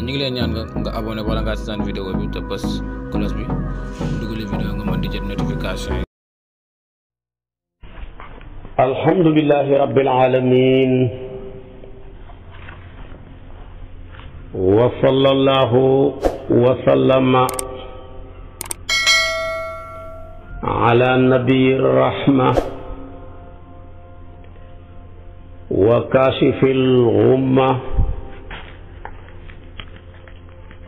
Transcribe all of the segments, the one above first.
ñu ngi leen ñaan nga nga abonné wala ngaa seetaan bi te bës bi dugalee vidéo nga mën di jot notification yi. alhamdulilahi alamin wa sallallahu wa sallama ala nabiyi rahma wa kaashifil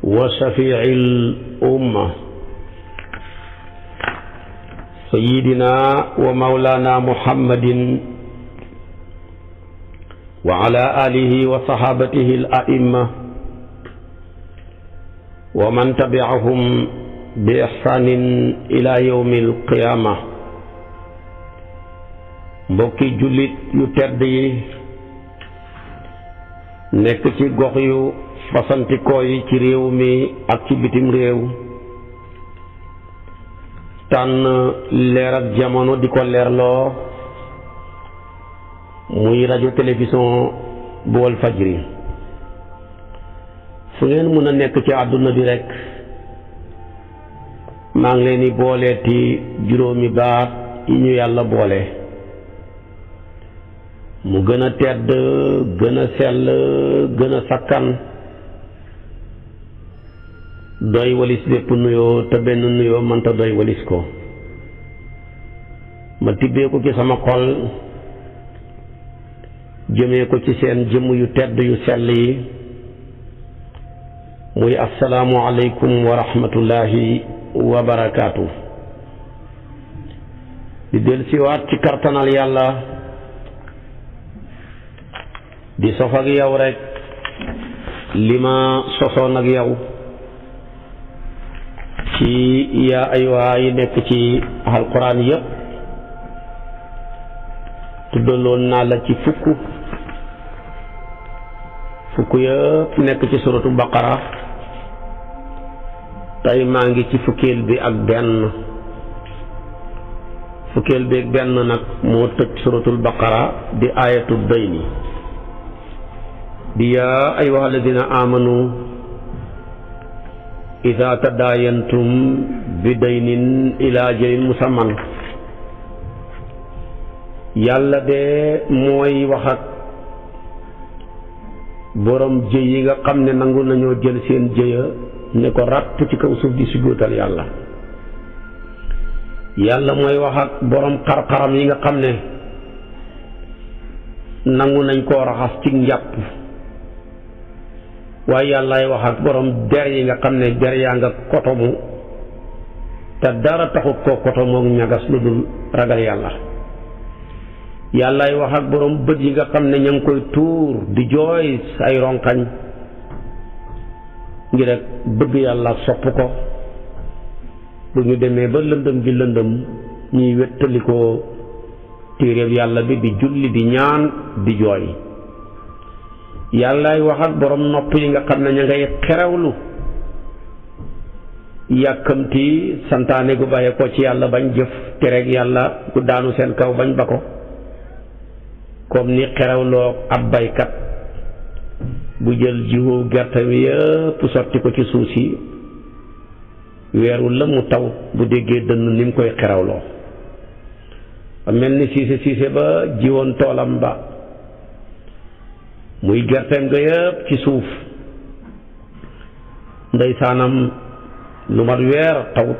وشفيع الأمة سيدنا ومولانا محمد وعلى آله وصحابته الأئمة ومن تبعهم بإحسان إلى يوم القيامة بوكي jullit يتردي نكتي yi fasantikoo yi ci réew mi ak ci bitim réew tànn leer ak jamono di ko leerloo muy rajo télévision bool wal fajri fu ngeen mën a nekk ci àdduna bi rekk maa ngi leen di booleeti juróomi baat yi ñu yàlla boole mu gën a tedd gën a sell gën a sakkan doy walis bépp nuyoo te benn nuyoo mënta doy walis ko ma tibbee ko ci sama xol jëmee ko ci seen jëmm yu tedd yu sell yi muy asalaamu aleykum wa rahmatullahi wa barakaatu di del siwaat ci kartanal yàlla di sof ak yow rek li ma sosoon ak yow ci yaa ayuha yi nekk ci alquran yëpp tuddaloon naa la ci fukk fukk yëpp nekk ci suratu baqara tey maa ngi ci fukkeel bi ak benn fukkeel bi ak benn nag moo tëj suratul baqara di ayatu dayni di yaa ayuha alladina amanu ida tadaayantum bi daynin ila ajalin musamman yàlla de mooy wax ak borom jëy yi nga xam ne nangu nañoo jël seen jëya ne ko ràpp ci kaw suuf di sujjóotal yàlla yàlla mooy wax ak borom xar yi nga xam ne nangu nañ koo raxas ci njàpp waaye yàllaay wax ak boroom der yi nga xam ne der yaa nga kotomu te dara taxut koo kotomook ñagas lu dul ragal yàlla yàllaay wax ak borom bët yi nga xam ne ña ngi koy tuur di jooy ay ronkañ ngir ak bëgg yàlla sopp ko bu ñu demee ba lëndëm bi lëndëm ñuy wettalikoo téeréeb yàlla bi di julli di ñaan di jooy yàllaay wax ak borom nopp yi nga xam ne ña ngay xerewlu yàkkamti santaane gu bàyyee ko ci yàlla bañ jëf te yàlla gu daanu seen kaw bañ ba ko comme ni xerewloo ab baykat bu jël jiwoo gerte bi yëpp sotti ko ci suuf si weeru la mu taw bu déggee dënn ni mu koy xerewloo mel ni siise siise ba jiwoon toolam ba muy gerteem nga yëpp ci suuf saanam lu mat weer tawut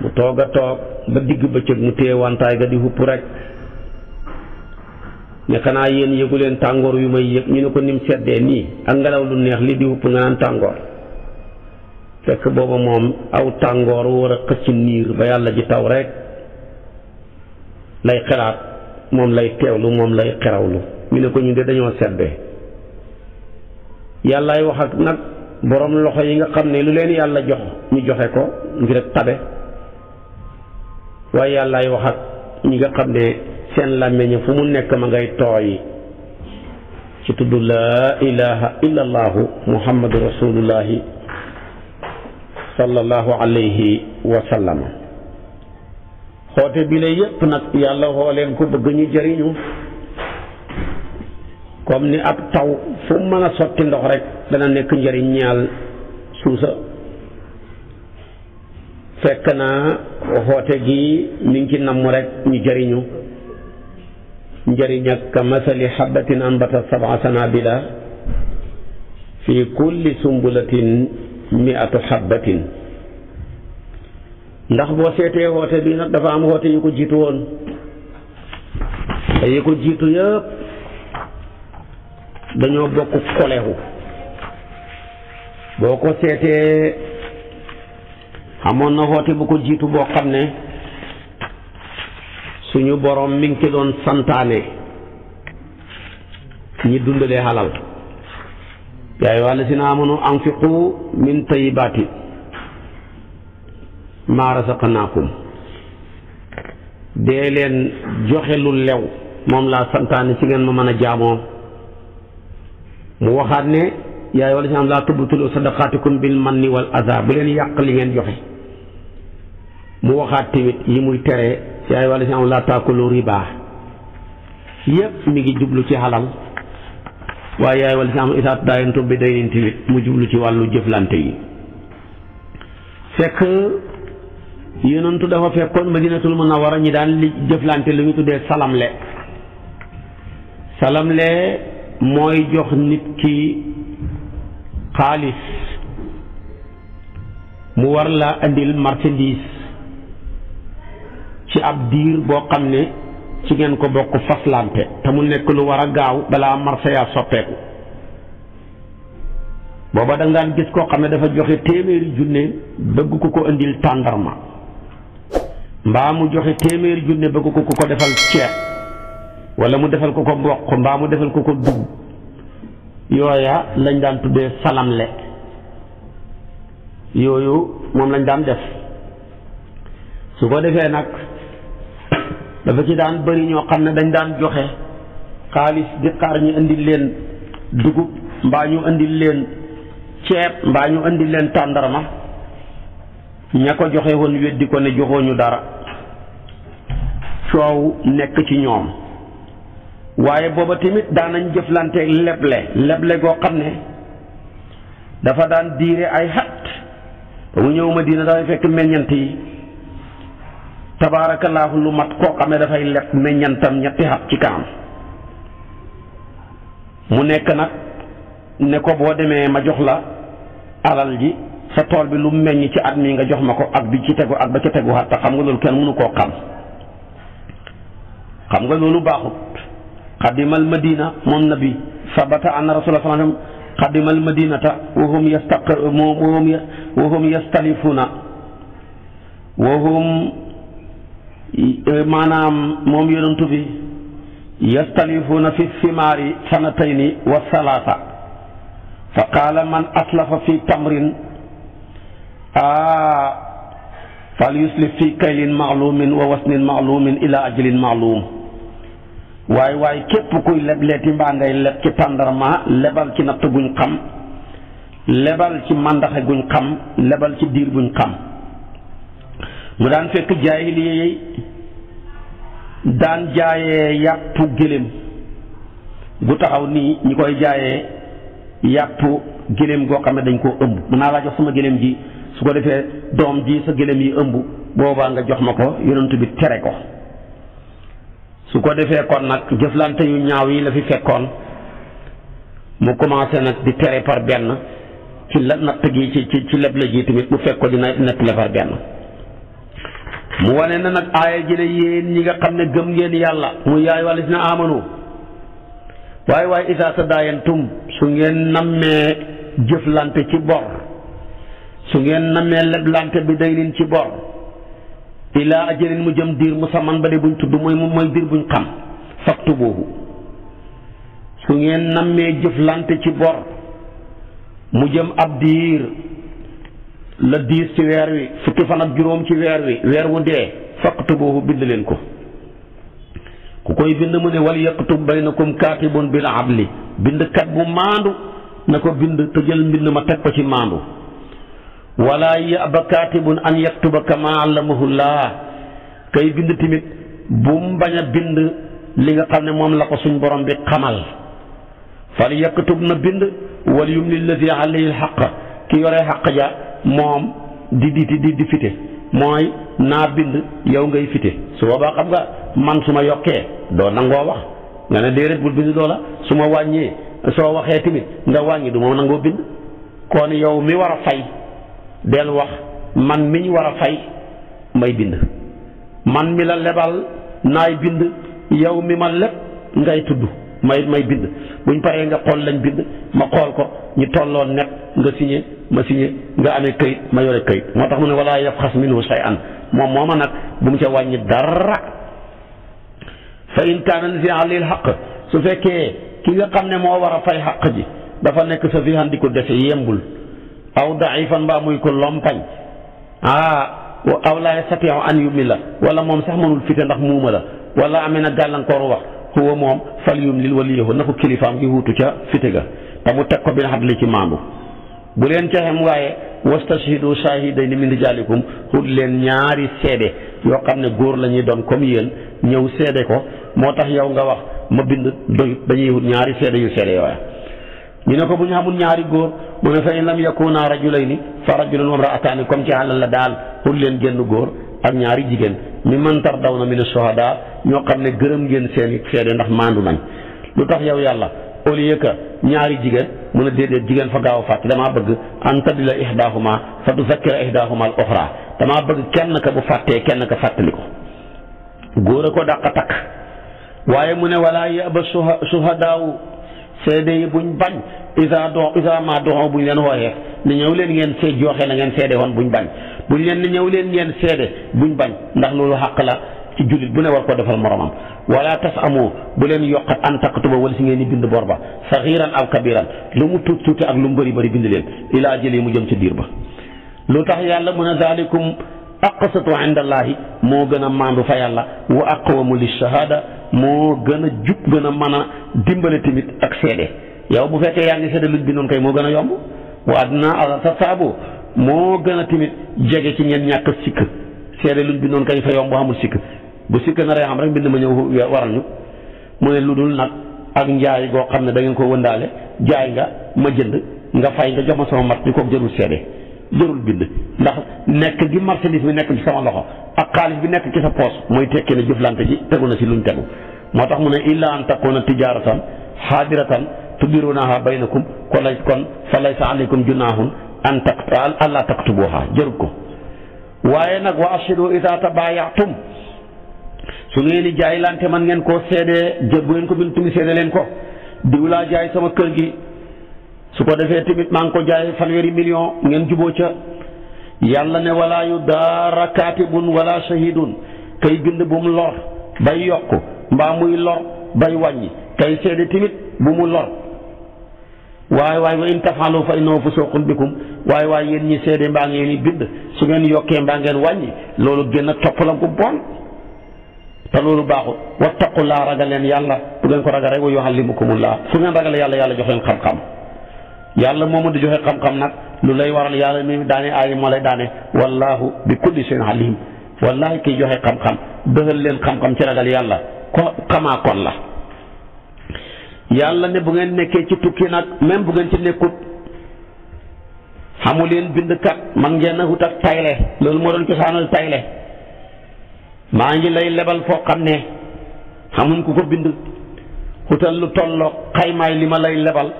mu toog a toog ba digg bëccëg mu téye wantaay ga di hupp rekk ne xanaa yéen yëgu leen tàngoor yu may yëg ñu ne ko nim seddee nii ak ngelaw lu neex li di hupp nga naan tàngoor fekk booba moom aw tàngoor war a xëcc niir ba yàlla ji taw rek lay xelaat moom lay teewlu moom lay xerawlu ñu ne ko ñu de dañoo sedde yàllaay wax ak nag boroom loxo yi nga xam ne lu leen yàlla jox ñu joxe ko ngir ak tabe waaye yàllaay wax ak ñi nga xam ne seen làmmiñ fu mu nekk ma ngay tooy ci tudd laa ilaha illa allahu muhammadu rasulullahi sallallahu alayhi wa xoote bi la yépp nag yàlla woo leen ko bëgg ñu jëriñu comme ni ab taw fu mën a sotti ndox rek dana nekk njariñ ñaal suusa fekk naa xoote gi mi ngi ci nammu rek ñu jariñu njëriñ ak ka masali xabatin anbata sabaa sanabila fi kulli sumbulatin miatu xabatin ndax boo seetee xoote bi nag dafa am xoote yu ko jiitu woon yu ko jiitu yëpp dañoo bokk kolewu boo ko seetee amoon na woote bu ko jiitu boo xam ne suñu borom mi ngi ci doon santaane ñi dundalee halal yaa ayyuhaa allaziina aamanu anfiqu min tayyibaati maa razaqnaakum dee leen joxe lu lew moom laa santaane ci ngeen ma mën a jaamoo mu waxaat ne yaay wala si am laa tubtulu sadaqaatikum bil manni wal azaa bu leen yàq li ngeen joxe mu waxaat tamit yi muy tere yaay wala si am laa taakulu riba yépp mi ngi jublu ci xalal waaye yaay wala si am isaa daayantum bi daynin tamit mu jublu ci wàllu jëflante yi fekk yonentu dafa fekkoon madinatul munawwara ñi daan li jëflante lu ñu tuddee salamle salamle mooy jox nit ki xaalis mu war la indil marchandise ci ab diir boo xam ne ci ngeen ko bokk faslante te mu nekk lu war a gaaw balaa marché yaa soppeeku booba da ngaan gis koo xam ne dafa joxe téeméeri junne bëgg ko ko indil tàndarma mbaa mu joxe téeméeri junne bëgg ko ko defal ceeb wala mu defal ko ko mboq mbaa mu defal ko ko dugub yooya lañ daan tuddee salamle yooyu moom lañ daan def su ko defee nag dafa ci daan bëri ñoo xam ne dañ daan joxe xaalis di xaar ñu indil leen dugub mbaa ñu indi leen ceeb mbaa ñu indi leen tàndarma ña ko joxe woon weddi ko ne joxooñu dara coow nekk ci ñoom waaye booba tamit daanañ jëflanteeg leble leble goo xam ne dafa daan diire ay xat ba mu ñëw Madina dafay fekk meññant yi tabaarakallaahu lu mat koo xam ne dafay leb meññantam ñetti xat ci kanam mu nekk nag ne ko boo demee ma jox la alal ji sa tool bi lu meññ ci at mi nga jox ma ko ak bi ci tegu ak ba ca tegu xat xam nga loolu kenn mënu koo xam xam nga loolu baaxut المدينة من نبي ثبت أن رسول الله صلى الله عليه وسلم قدم المدينة وهم يستقر وهم وهم يستلفون وهم مانام موم يونتو يستلفون في الثمار سنتين وثلاثة فقال من أسلف في تمر آه فليسلف في كيل معلوم ووسن معلوم إلى أجل معلوم waaye waaye képp kuy lebleeti mbaa ngay leb ci tàndarma lebal ci natt guñ xam lebal ci màndaxa guñ xam lebal ci diir buñ xam mu daan fekk jaahiliya yi daan jaaye yàppu gëléem gu taxaw nii ñi koy jaaye yàpp gëléem goo xam ne dañ koo ëmb mën naa laa jox sama gëléem gi su ko defee doom ji sa gëléem yi ëmb boobaa nga jox ma ko yonent bi tere ko su ko defee kon nag jëflante yu ñaaw yi la fi fekkoon mu commencé nag di tere par benn ci la natt gi ci ci ci leble ji tamit bu fekk ko dina nettale par benn mu wane na nag aaya ji ne yéen ñi nga xam ne gëm ngeen yàlla mu yaay wàllis na amanu waaye waaye isaa sa daayantum su ngeen nammee jëflante ci bor su ngeen nammee leblante bi day nin ci bor ilaa ajalin mu jëm diir musamman ba de buñ tudd mooy mooy diir buñ xam faktu boobu su ngeen nammee jëflante ci bor mu jëm ab diir la diis ci weer wi fukki fan juróom ci weer wi weer wu dee faktu boobu bind leen ko ku koy bind mu ne wal yaqtub baynakum kaatibun bil adli bind kat bu maandu na ko bind te mbind ma teg ko ci maandu wala yaba kaatibun an yaktuba kama allamahu llah kay bind tamit bu mu bañ a bind li nga xam ne moom la ko suñ borom bi xamal fal yaktub na bind wal yumli llazi alayhi alxaq ki yore xaq ja moom di di di di mooy naa bind yow ngay fite su boobaa xam nga man su ma yokkee doo nangoo wax nga ne déedéet bul bind doo la su ma wàññee soo waxee tamit nga wàññi du ma nangoo bind kon yow mi war a fay. del wax man mi ñu war a fay may bind man mi la lebal naay bind yow mi ma leb ngay tudd may may bind buñ paree nga xool lañ bind ma xool ko ñu tolloo nekk nga signé ma signé nga amee këyit ma yore këyit moo tax mu ne wala yabxas minhu shay'an moom mooma nag bu mu ca wàññi dara fa in kaana zi xaq su fekkee ki nga xam ne moo war a fay xaq ji dafa nekk sa fi han di ko defe yembul aw fan mbaa muy ko lompañ ah aw laa yastatiu an la wala moom sax mënul fite ndax muuma la wala amee na gàllankooru wax huwa moom fal yumlil waliyahu na ko kilifaam gi wuutu ca fite ga te teg ko bi nga xam li ci maandu bu leen caxem waaye wastashhidu shahidayni min rijaalikum xut leen ñaari seede yoo xam ne góor la ñuy doon comme yéen ñëw seede ko moo tax yow nga wax ma bind doyut dañuy wut ñaari seede yu seede yooya ñu ne ko bu ñu xamul ñaari góor mu ne fa in lam yakuna rajulayni fa rajulun wa imraataani comme ci xàllal la daal pour leen génn góor ak ñaari jigéen mi man tardawna min ash-shuhada ñoo xam ne gërëm ngeen seen seede ndax maandu nañ lu tax yaw yàlla au lieu que ñaari jigéen mu ne déedéet jigéen fa gaaw a fàtte damaa bëgg an tadilla ihdahuma fa tuzakkira ihdahuma al oxra damaa bëgg kenn ka bu fàttee kenn ka fàttali ko góor a ko dàq a takk waaye mu ne seede yi buñ bañ isa do isa ma doxoo buñ leen wooyee ne leen ngeen seed joxe na ngeen seede woon buñ bañ buñ leen ne ñëw leen ngeen seede buñ bañ ndax loolu xàq la ci jullit bu ne war ko defal moromam wala tas amoo bu leen yokkat an taktuba wala si ngeen di bind bor ba saxiran aw kabiran lu mu tuut tuuti ak lu mu bëri bëri bind leen ilaa jëlee mu jëm ca diir ba lu tax yàlla mën a daalikum aqsatu indallahi moo gën a maandu fa yàlla wa aqwamu lishahaada moo gën a jub gën a mën a dimbale tamit ak seede yow bu fekkee yaa ngi seede luñ bi noon kay moo gën a yomb waa dinaa sa saabu moo gën a tamit jege ci ngeen ñàkk sikk seede luñ bi noon kay fa yomb amul sikk bu sikk naree am rek mbind ma ñëw waral ñu mu ne lu dul nag ak njaay goo xam ne da ngeen ko wëndaale jaay nga ma jënd nga fay nga jox ma sama mat di ko jërul seede jërul bind ndax nekk gi marchandise bi nekk ci sama loxo ak xaalis bi nekk ci sa poos mooy tekki ne jëflante ji tegu na si lu mu tegu moo tax mu ne illa an takuna tijaratan xaadiratan tudirunaha baynakum ko lay kon fa laysa alaykum junahun an taktu alla taktubuha jërut ko waaye nag wa ashidu ida tabayatum su ngeen di jaaylante man ngeen koo seedee jë bu ngeen ko bindu seede leen ko diw laa jaay sama kër gi su ko defee tamit maa ngi ko jaay fanweeri million ngeen juboo ca yàlla ne walaa yu daara kaatibun wala shahidun kay bind bu mu lor bay yokk mbaa muy lor bay wàññi kay seede tamit bu mu lor waaye waaye wa in tafaalu fa innahu fusuqun bikum waaye waaye yéen ñi seede mbaa ngeen bind su ngeen yokkee mbaa ngeen wàññi loolu génn topp la bu bon te loolu baaxul wattaqu laa ragal leen yàlla bu ngeen ko ragalee wa yuallimukumullah su ngeen yàlla yàlla jox leen xam-xam yàlla ma di joxe xam-xam nag lu lay waral yàlla mi daane aay moo lay daane wallahu bi kulli shay'in alim wallahi kiy joxe xam-xam doxal leen xam-xam ci ragal yàlla ko xamaa kon la yàlla ne bu ngeen nekkee ci tukki nag même bu ngeen ci nekkut xamu leen bindkat man ngeen a wut ak tayle loolu moo doon cosaanal tayle maa ngi lay lebal foo xam ne xamuñ ku ko bind wutal lu tolloog xaymaay li ma lay lebal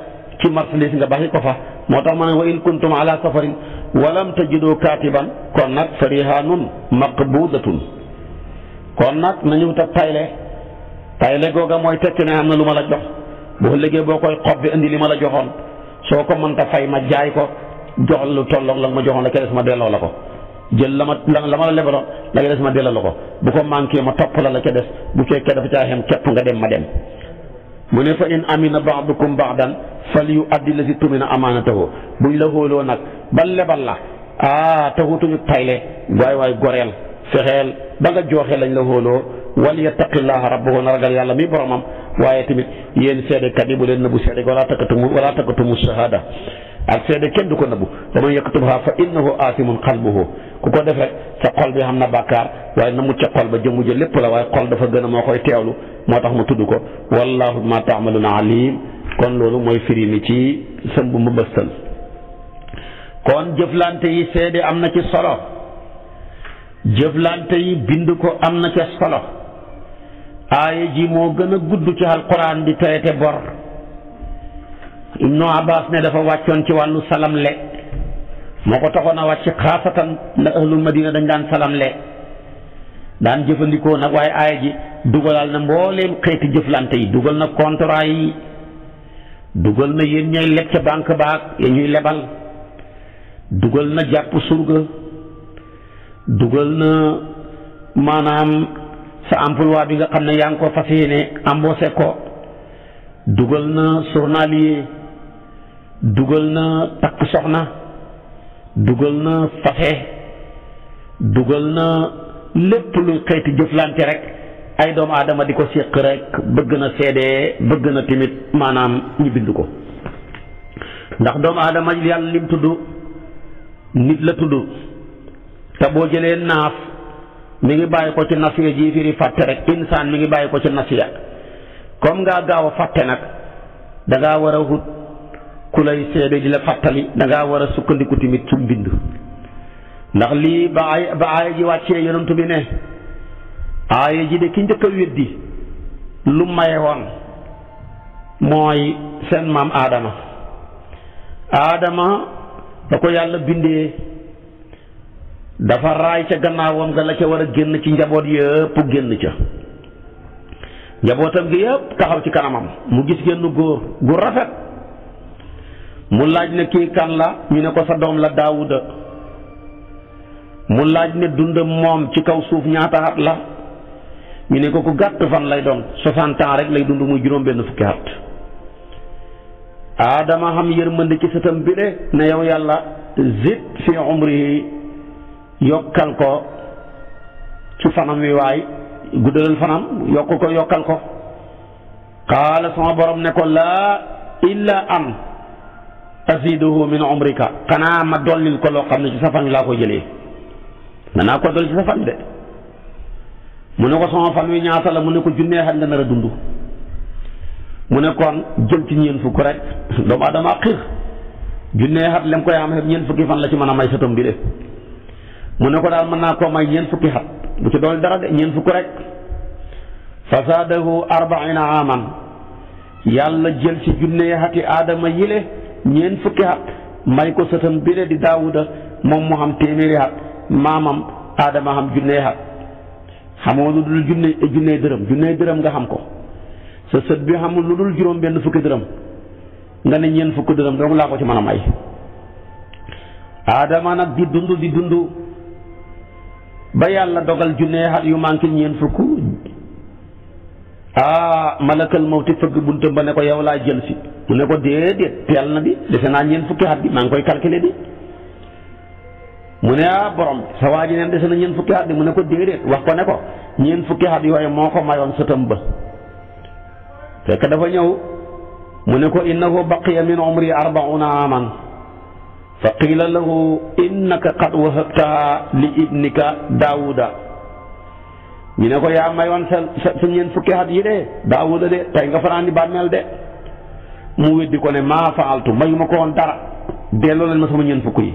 ci marchandise nga baxi ko fa moo tax ma ne wa in kuntum ala safarin walam tajidu katiban kon nag fa rihanun maqbudatun kon nag nañu wut ak tayle tayle googa mooy tekki ne am na lu ma la jox boo liggéey boo koy xob bi indi li ma la joxoon soo ko mënta fay ma jaay ko jox lu tolloog la ma joxoon la keres ma delloo la ko jël la ma la ma la lebaloon la keres ma delloo ko bu ko manqué ma topp la la ca bu fekkee dafa caa xem képp nga dem ma dem من فإن أمن بعضكم بعضا فليؤدي الذي تمن أمانته بل له لونك بل بل آه تهوت تايل واي واي غوريل فخيل باغا جوخي لا نلو هولو وليتق الله ربه نرجال يالا مي برومم واي تيميت يين سيدي كدي بولن نبو سيدي ولا تكتم ولا تكتم الشهاده السيدي كين دوكو نبو يكتبها فانه آثم قلبه ku ko def rek sa xol bi xam na bàkkaar waaye na mucc ca xol ba jëmu jël lépp la waaye xol dafa gën a moo koy teewlu moo tax mu tudd ko wallahu ma taamaluna alim kon loolu mooy firi mi ci sëmb mu bëstal kon jëflante yi seede am na ci solo jëflante yi bind ko am na ca solo aaya ji moo gën a gudd ci alquran di traité bor Ibnu Abbas ne dafa wàccoon ci wàllu salamle moo ko taxoon a wàcc xaasatan ndax ahlul madina dañ daan salamle daan jëfandikoo nag waaye aaya ji dugalal na mbooleem xeeti jëflante yi dugal na contrat yi dugal na yéen ñay leb ca banque ñuy lebal dugal na jàpp surga dugal na maanaam sa emploi bi nga xam ne yaa ngi ko fas yéene embauché ko dugal na journalier dugal na takk soxna dugal na safe dugal na lépp luy xeeti jëflante rek ay doomu aadama di ko séq rek bëgg na seede bëgg na tamit maanaam ñu bind ko ndax doomu aadama yàlla lim tudd nit la tudd te boo jëlee naaf mi ngi bàyyi ko ci nasiya ji firi fàtte rek insaan mi ngi bàyyi ko ci nasiya comme ngaa gaaw a fàtte nag dangaa war a wut ku lay seede di fàttali da ngaa war a sukkandiku tamit ci mbind ndax lii ba ay ba aaya ji wàccee yonantu bi ne aaya ji de ki njëkk a weddi lu maye woon mooy seen maam aadama aadama da ko yàlla bindee dafa raay ca gannaawam ga la ca war a génn ci njaboot yëpp génn ca njabootam gi yëpp taxaw ci kanamam mu gis génn góor gu rafet mu laaj ne kii kan la ñu ne ko sa doom la daawuda mu laaj ne dundam moom ci kaw suuf ñaata at la ñu ne ko ku gàtt fan lay doon soixante ans rek lay dund muy juróom benn fukki at aadama xam yërmande ci sëtam bi de ne yow yàlla zid fi umrihi yokkal ko ci fanam wi waay guddalal fanam yokk ko yokkal ko xaala sama borom ne ko laa illa an aziduhu min umrika xanaa ma dollil ko loo xam ne ci sa fan laa ko jëlee danaa ko dolli ci sa fan de mu ne ko sama fan wi ñaata la mu ne ko junnee xat nga nar a dund mu ne kon jël ci ñeent fukk rek doomu adama xiir junnee xat lem koy am xet ñeent fukki fan la ci man a may sëtam bi mu ne ko daal mën naa koo may ñeent fukki xat bu ci dool dara de ñeent fukk rek fasaadahu arbaina aman yàlla jël ci junnee xati aadama yile ñeent fukki at may ko sëtam bile di daawuda moom mu xam téeméeri at maamam aadama xam junnee at xamoo lu dul junne junnee dërëm junnee dërëm nga xam ko sa lu dul juróom benn fukki dërëm nga ne ñeent fukki dërëm dong laa ko ci mën a may aadama nag di dund di dund ba yàlla dogal junnee at yu manqué ñeent fukk ah malakal mawti fëgg buntam ba ne ko yow laa jël si mu ne ko déedéet teel na bi defe naa ñeent fukki at bi maa ngi koy calculer bi mu ne ah borom bi sa waa ji neen dese na ñeent fukki at bi mu ne ko déedéet wax ko ne ko ñeent fukki at yooyu moo ko mayoon sëtam ba fekk dafa ñëw mu ne ko innahu baqiya min umri arbauna aman fa qiila lahu innaka qad wahabtaha li ibnika daawuda ñu ne ko yaa mayoon sa sa ñeent fukki at yi de daawuda de tey nga fanaan ni bàmmeel de mu weddi ko ne maa faaltu mayuma ko woon dara delloo leen ma sama ñeent fukk yi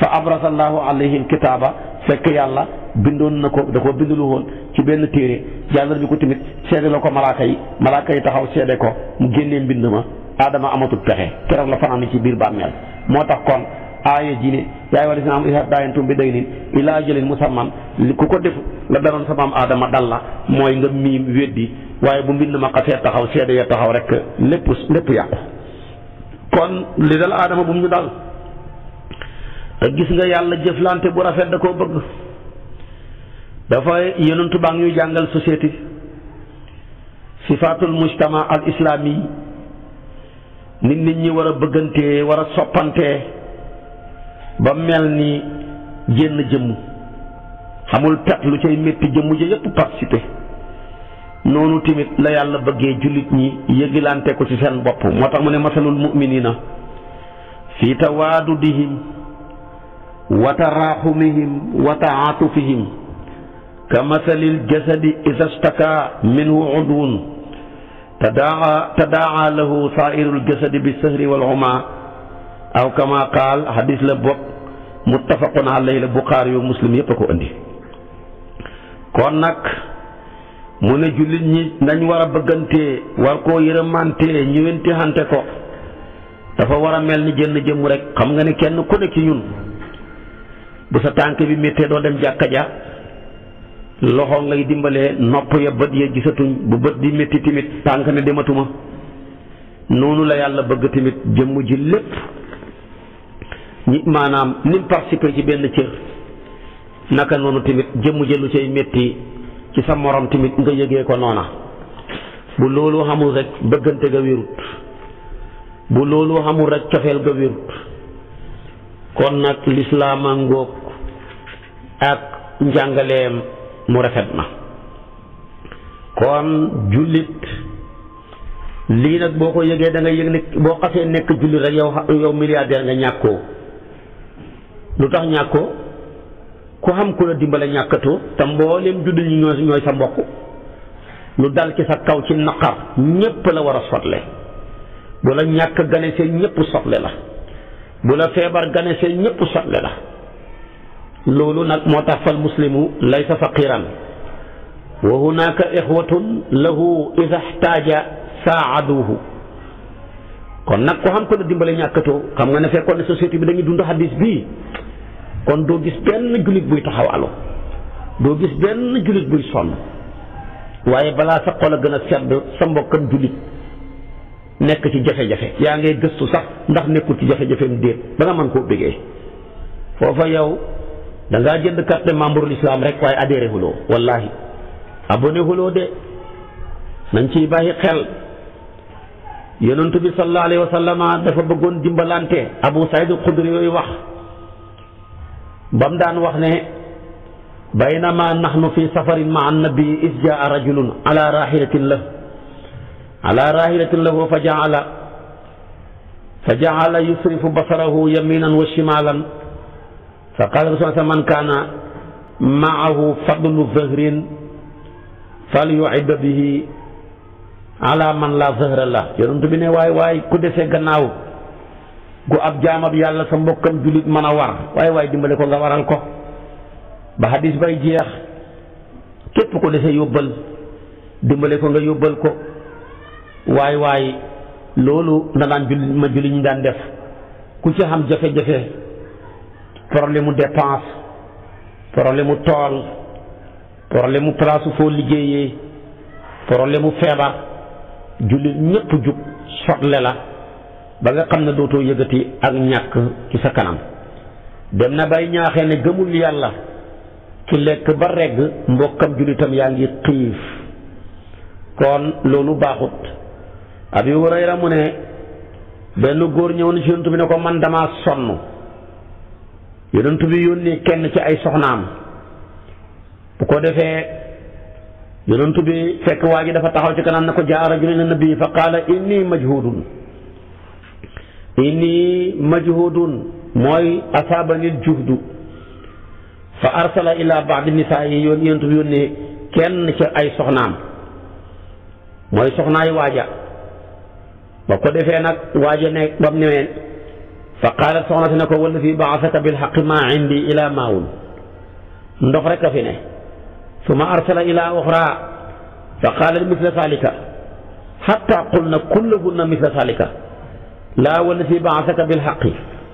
fa abrasallahu alayhim kitaaba fekk yàlla bindoon na ko da ko bindulu woon ci benn téere jàllal bi ko tamit seede la ko malaaka yi malaaka yi taxaw seede ko mu génnee mbind ma aadama amatul pexe keroog la fanaan ci biir bàmmeel moo tax kon aaya ji ne yaay war sina am isa daayantum bi day nin ilaa jëlin musamman ku ko def la daroon sa maam aadama dal la mooy nga miim weddi waaye bu mbind ma xasee taxaw seede ya taxaw rek lépp lépp yàqu kon li dal aadama bu mu ñu dal gis nga yàlla jëflante bu rafet da koo bëgg dafa yonentu baa ngi ñuy jàngal société sifaatul mujtama al islami nit nit ñi war a bëggantee war a soppantee ba mel ni génn jëmm xamul pet lu cay métti jëmm ja yépp participé noonu tamit la yàlla bëggee jullit ñi yëgilante ko ci seen bopp moo tax mu ne masalul muminina fi tawaadudihim wa taraaxumihim wa taatufihim ka masalil jasadi ida minhu udwun tadaa tadaa lahu saairul jasadi bi sëhri wal xuma aw kama qaal xadis la bopp muttafaqun alayhi la Buxaari yu muslim yëpp a ko indi kon nag mu ne jullit ñi nañ war a bëggantee war koo yërëmantee ñëwentexante ko dafa war a mel ni jënn jëmm rek xam nga ne kenn ku nekk ci ñun bu sa tànk bi méttee doo dem jàkka ja loxo ngay dimbalee nopp ya bët ya gisatuñ bu bët di métti tamit tànk ne dematuma noonu la yàlla bëgg tamit jëmm ji lépp maanaam lim participer ci benn cër naka noonu tamit jëmm jëlu cay métti ci sa morom tamit nga yëgee ko noona bu loolu xamul rek bëggante ga bu loolu xamul rek cofeel ga kon nag lislaama ngóog ak njàngaleem mu rafet na kon jullit lii nag boo ko yëgee da nga yëg ne boo xasee nekk jullit rek yow yow nga ñàkkoo lutax ñako ñàkkoo ku xam ko la dimbalé ñakato ta mbolém judd ñi ñoy ñoy sa mbokk lu dal ci sa kaw ci naqar ñepp la wara sotlé bu la ñak gané sé ñepp sotlé la bu la fébar gané sé ñepp sotlé la lolu nak moo tax fal muslimu laysa faqiran wa hunaka ikhwatun lahu idha ihtaja saaduhu kon nak ko xam ko la dimbale ñàkkatoo xam nga na fekkone société bi dañuy dund hadith bi kon doo gis benn jullit buy taxawaalu doo gis benn jullit buy sonn waaye balaa sa xol a gën a sedd sa mbokkam jullit nekk ci jafe-jafe yaa ngay gëstu sax ndax nekkul ci jafe-jafeem déet ba nga mën koo bëggee foofa yow da ngaa jënd carte membre l'islam rek waaye adhéré huloo wallahi abonné huloo de nañ ciy bàyyi xel yonent bi sallallahu alayhi wa sallam dafa bëggoon dimbalante Abu Saïd Xudri yooyu wax ba mu daan wax ne baynama nahnu fi safarin ma annabii is jaa rajulun ala rahilatin lahu ala rahilatin lahu fa jaala fa jaala yusrifu basarahu yaminan wa shimalan fa qala rasul sa man kaana maahu fadlu zahrin fal yuidda bihi ala man la zahra la yonent bi ne waay waay ku dese gannaaw gu ab jaamab yàlla sa mbokkam jullit mën a war waaye waaye dimbale ko nga waral ko ba xadis bay jeex képp ko dese yóbbal dimbale ko nga yóbbal ko waay waay loolu na daan jullit ma jullit ñu daan def ku ci xam jafe-jafe problème mu dépense problème mu tool problème mu foo liggéeyee problème mu feebar jullit ñëpp jug sotle la ba nga xam ne dootoo yëgati ak ñàkk ci sa kanam dem na bay ñaaxee ne gëmul yàlla ki lekk ba regg mbokkam jullitam yaa ngi xiif kon loolu baaxut Abi Hurayra mu ne benn góor ñëwoon ci yonent bi ne ko man dama sonn yonent bi yónnee kenn ci ay soxnaam bu ko defee yonent bi fekk waa ji dafa taxaw ci kanam na ko jaa rajulun ila nabi fa qaala inni majhudun إني مجهود موي أصابني الجهد فأرسل إلى بعض النساء يون ينتبه أني كن أي سخنام موي سخناي واجا وقد دفعي نك واجا فقال سخناتي نكو والذي بعثت بالحق ما عندي إلى ماون ndox rek ثم أرسل إلى أخرى فقال ila ukhra حتى قلنا mithla salika hatta qulna لا والذي بعثك بالحق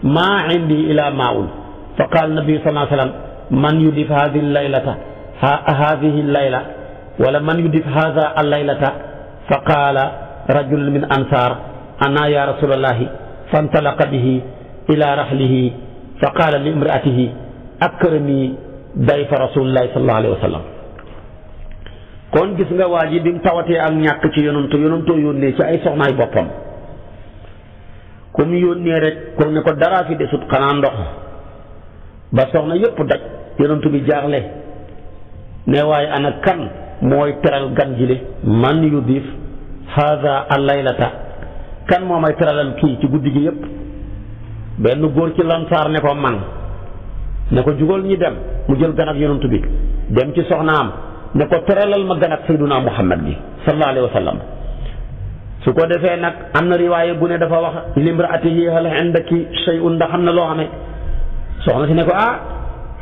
ما عندي إلا ماء فقال النبي صلى الله عليه وسلم من يدف هذه الليلة هذه الليلة ولا من يدف هذا الليلة فقال رجل من أنصار أنا يا رسول الله فانطلق به إلى رحله فقال لامرأته أكرمي ضيف رسول الله صلى الله عليه وسلم كون gis nga waa ji bi mu tawatee ak ñàkk ci yonantu ku mu yónnee rek comme ni ko daraa fi desut xanaa ndox ba soxna yépp daj yonentu bi jaaxle ne waaye ana kan mooy teral gan jile man yu diif haada allaylata kan moo may teralal kii ci guddi gi yépp benn góor ci lansaar ne ko man ne ko jugal ñi dem mu jël gan ak yonentu bi dem ci soxnaam ne ko teralal ma gan ak sayduna muhammad bi sallallahu alayhi wa su ko defee nag am na riwaaye bu ne dafa wax limraatihi hal indaki shay'un ndax xam na loo xam ne soxna si ne ko ah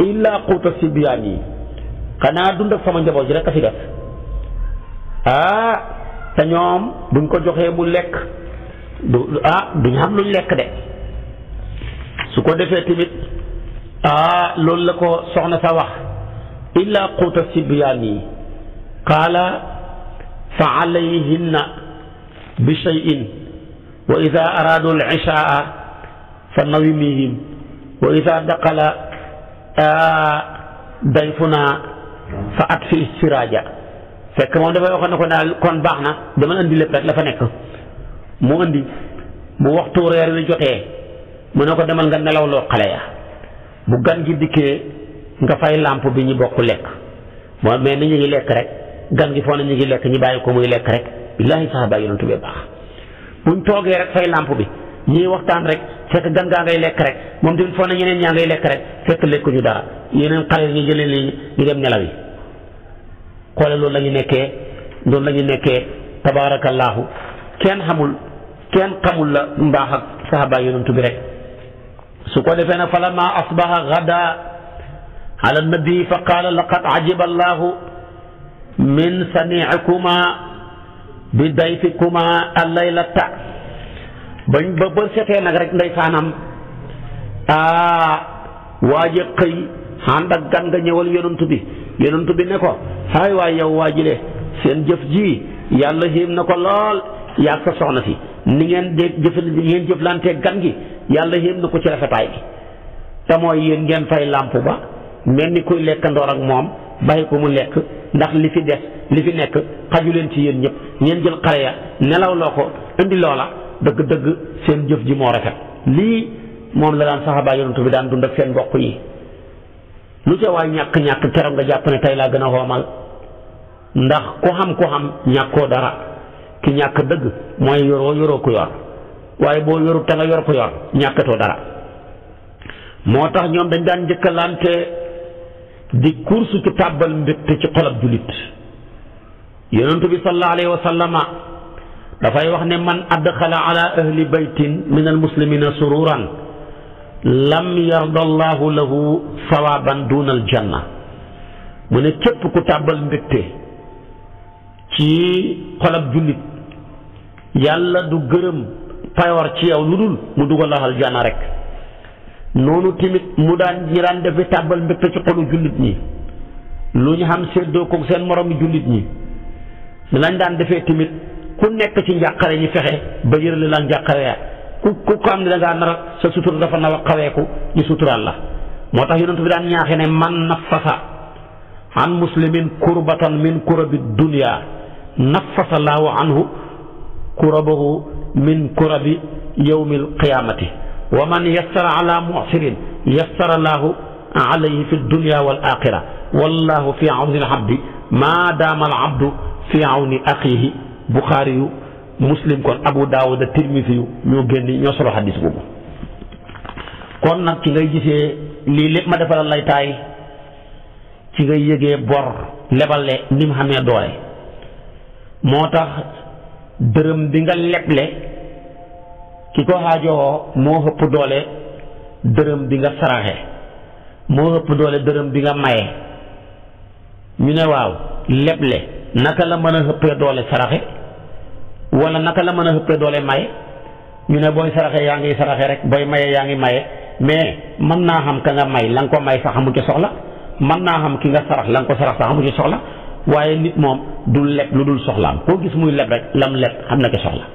illaa quuta sibyaan yi xanaa dund ak sama njaboot ji rek a fi ah buñ ko joxee mu lekk du ah duñ xam luñ lekk de su ko defee tamit ah loolu la ko soxna sa wax illaa quuta sibyaan yi qaala fa alayhinna bi shay'in wa ida araadu al ishaa fa nawimihim wa ida daqala dayfuna fa at fi istiraja fekk moom dafay waxoon ne ko daal kon baax na dama indi lépp rek la nekk mu indi bu waxtu reer wi jotee mu ne ko demal nga nelaw loo xale ya bu gan gi dikkee nga fay làmp bi ñu bokk lekk moo mais ni ñu ngi lekk rek gan gi foo na ñu ngi lekk ñu bàyyi ko muy lekk rek billaahi saxaaba yonent bi baax buñ toogee rek fay làmp bi ñuy waxtaan rek fekk gan gay lekk rek moom tamit foo na ñeneen lekk rek fekk lekkuñu dara yeneen xale ñu jëlee leen ñu dem nelaw yi xoole loolu la ñu nekkee loolu la ñu nekkee tabaarakallaahu xamul kenn xamul la mbaax ak saxaaba yonent bi rek su ko defee nag falamma asbaha gada ala nabii fa qaala laqad ajiba allahu min saniikuma bi day fi kuma allay la ta bañ ba ba setee nag rek ndeysaanam aa waaje xëy ànd ak gan nga ñëwal yonent bi yonent bi ne ko xaay waay yow waajile seen jëf ji yàlla xiim na ko lool yaa sa soxna si ni ngeen de jëf ni ngeen jëflantee gan gi yàlla xiim na ko ci rafetaay bi te mooy ngeen fay làmp ba mel ni kuy lekkandoor ak moom bàyyi ko mu lekk ndax li fi des li fi nekk xaju leen ci yéen ñëpp ngeen jël xale ya nelaw loo ko indi loola dëgg-dëgg seen jëf ji moo rafet lii moom la daan saxaaba yonent bi daan dund ak seen mbokk yi lu ca waay ñàkk-ñàkk keroog nga jàpp ne tey laa gën a xoomal ndax ku xam ku xam ñàkkoo dara ki ñàkk dëgg mooy yoroo yoroo ku yor waaye boo yorut te nga yor ku yor ñàkkatoo dara moo tax ñoom dañ daan njëkkalante di kursu ci tàbbal mbégte ci xolab julit yonentu bi sallallahu alayhi wa dafay wax ne man adxala ala ahli baytin min almuslimina sururan lam yarda allahu lahu sawaban duna aljanna mu ne képp ku tàbbal mbégte ci xolab julit yàlla du gërëm payoor ci yow lu dul mu dugal la aljanna rek noonu tamit mu daan ñi daan def tàbbal mbégte ci xolu jullit ñi lu ñu xam séddoo ko seen moroomi jullit ñi lañ daan defee tamit ku nekk ci njàqare ñi fexe ba yërale la njàqare ya ku ku ko am ne da ngaa nar sa sutura dafa naw xaweeku ñu suturaal la moo tax yonent bi daan ñaaxe ne man nafasa an muslimin kurbatan min kurabi dunya nafasa laahu anhu kurabahu min kurabi yawmil qiyaamati wa man yastara ala muxsirin yastara laahu alayhi fi dunya fi awni alabdi ma daama alabdu fi awni axihi buxaari yu muslim kon abu daawud a tirmisi ñoo génn ñoo solo xadis boobu kon nag ci ngay gisee lii lépp ma defaral lay taay ci ngay yëgee bor lebal le ni mu xamee doole moo tax dërëm bi nga leble ki ko aajowoo moo ëpp doole dërëm bi nga saraxe moo ëpp doole dërëm bi nga maye ñu ne waaw leble naka la mën a ëppee doole saraxe wala naka la mën a ëppee doole maye ñu ne booy saraxe yaa ngi saraxe rek booy mayee yaa ngi maye mais mën naa xam ka may la nga ko may sax amu soxla mën naa xam ki nga sarax la nga ko sarax sax amu ci soxla waaye nit moom du leb lu dul soxlaam koo gis muy leb rek lam leb xam na ci soxla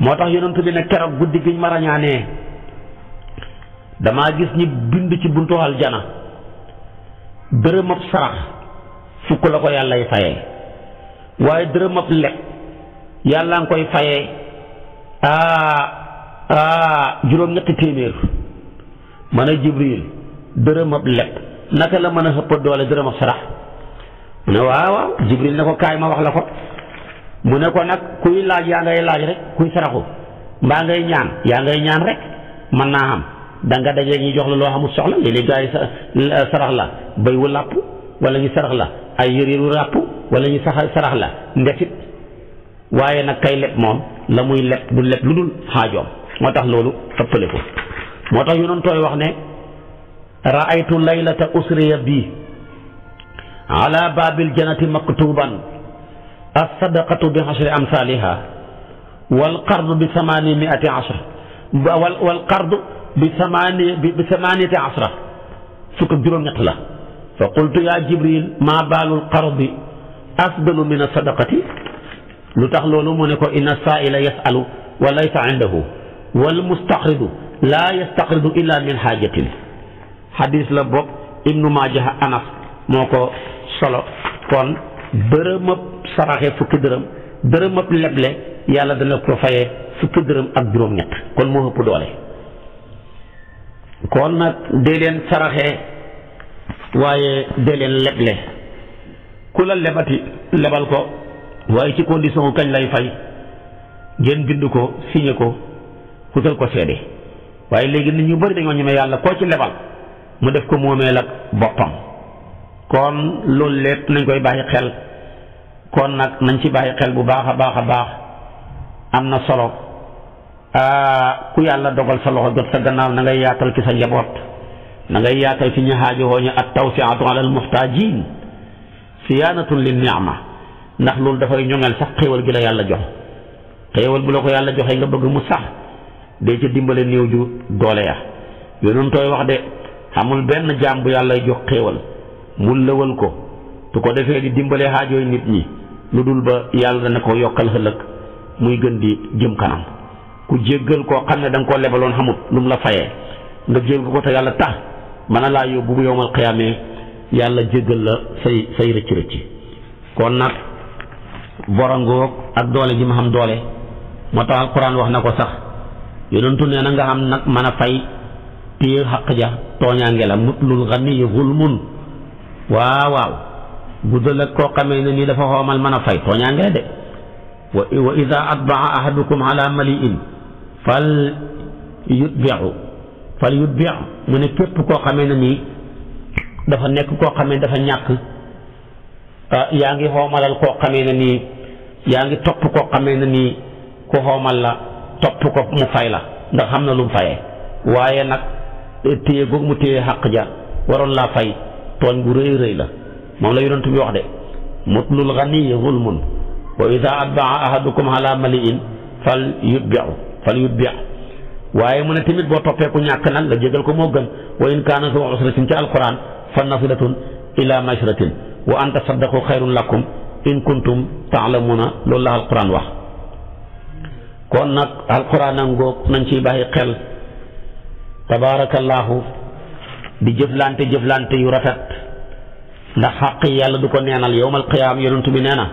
moo tax yonentu bi ne keroog guddi giñ ma rañaanee damaa gis ñi bind ci buntu aljana dërëm ab sarax fukk la ko yàllay fayee waaye dërëm ab lekk yàlla nga koy fayee aa aa juróom ñetti téeméer man a jibril dërëm ab lekk naka la mën a xëpp doole dërëm ab sarax mu ne waaw waaw ne ko kaay ma wax la ko mu ne ko nag kuy laaj yaa ngay laaj rek kuy saraxu mbaa ngay ñaan yaa ngay ñaan rek mën naa am da nga dajee ñu jox la loo xamul soxla léeg-léeg gars yi sarax la béy wu làpp wala ñu sarax la ay yëriru ràpp wala ñu sax sarax la ndesit waaye nag kay leb moom la muy leb du leb lu dul xaajoom moo tax loolu ëppale ko moo tax yonoon tooy wax ne raaytu laylata usriya bi ala babil janati maktuban الصدقة بعشر أمثالها والقرض بثمانمائة عشر والقرض بثماني بثمانية عشر سوق الجرون يقلى فقلت يا جبريل ما بال القرض أفضل من الصدقة لتخلو لمنك إن السائل يسأل وليس عنده والمستقرض لا يستقرض إلا من حاجة حديث لبوك ابن ماجه أنس موكو صلو كون dërëmab saraxe fukki dërëm dërëmab leble yàlla dana ko fayee fukki dërëm ak juróom-ñett kon moo ëpp doole kon nag dee leen saraxe waaye dee leen leble ku la lebati lebal ko waaye ci condition kañ lay fay ngeen bind ko signé ko xutal ko seede waaye léegi nit ñu bëri dañoo ñeme yàlla koo ci lebal mu def ko moomeel ak boppam kon loolu lépp nañ koy bàyyi xel kon nag nañ ci bàyyi xel bu baax a baax a baax am na solo ku yàlla dogal sa loxo jot sa naa na ngay yaatal ci sa njaboot na ngay yaatal ci ñu xaajowoo ñu at tawsiatu ala almuxtaajin siyaanatun li niama ndax loolu dafay ñoŋel sax xéewal gi la yàlla jox xéewal bu la ko yàlla joxee nga bëgg mu sax day ca dimbale néew ju doole ya yooyu noonu tooy wax de xamul benn jaam bu yàlla jox xéewal mu lëwal ko su ko defee di dimbalee xaajooy nit ñi lu dul ba yàlla na ko yokkal xëlëg muy gën di jëm kanam ku jéggal koo xam ne da nga koo lebaloon xamut lu mu la fayee nga jéggal ko te yàlla tax mën a laa yóbbu bu yowmal xiyaamee yàlla jéggal la say say rëcc rëcc kon nag borangoog ak doole ji ma xam doole moo tax alquran wax na ko sax yonentu nee na nga xam nag mën a fay téye xaq ja tooñaange la mutlul xani yi zulmun waaw waaw guddal koo xamee ne nii dafa xoomal mën a fay tooñaa ngi la de wa ida atbaa ahadukum ala maliin fal yutbiu fal yutbiu mu ne képp koo xamee ne nii dafa nekk koo xamee dafa ñàkk ah, yaa ngi xoomalal koo xamee na nii yaa ngi topp koo xamee ne nii ku xoomal la topp ko mu fay la ndax xam na lu mu fayee waaye nag téye googu mu téye xàq ja waroon laa fay tooñ bu rëy rëy la moom la yonent bi wax de mutlul ganiyi zulmun wa ida atbaa ahadukum ala maliin fal yutbiu fal yutbiu waaye mu ne tamit boo toppee ku ñàkk nag nga jégal ko moo gën wa in kaana soo usratin ci alquran fa nasilatun ila mashratin wa an tasaddaqu xayrun lakum in kuntum taalamuuna loolu la alquran wax kon nag alquran a ngoog nañ ciy bàyyi xel tabaarakallaahu di jëflante jëflante yu rafet ndax xàq yàlla du ko neenal yowmal qiyaam yonent bi nee na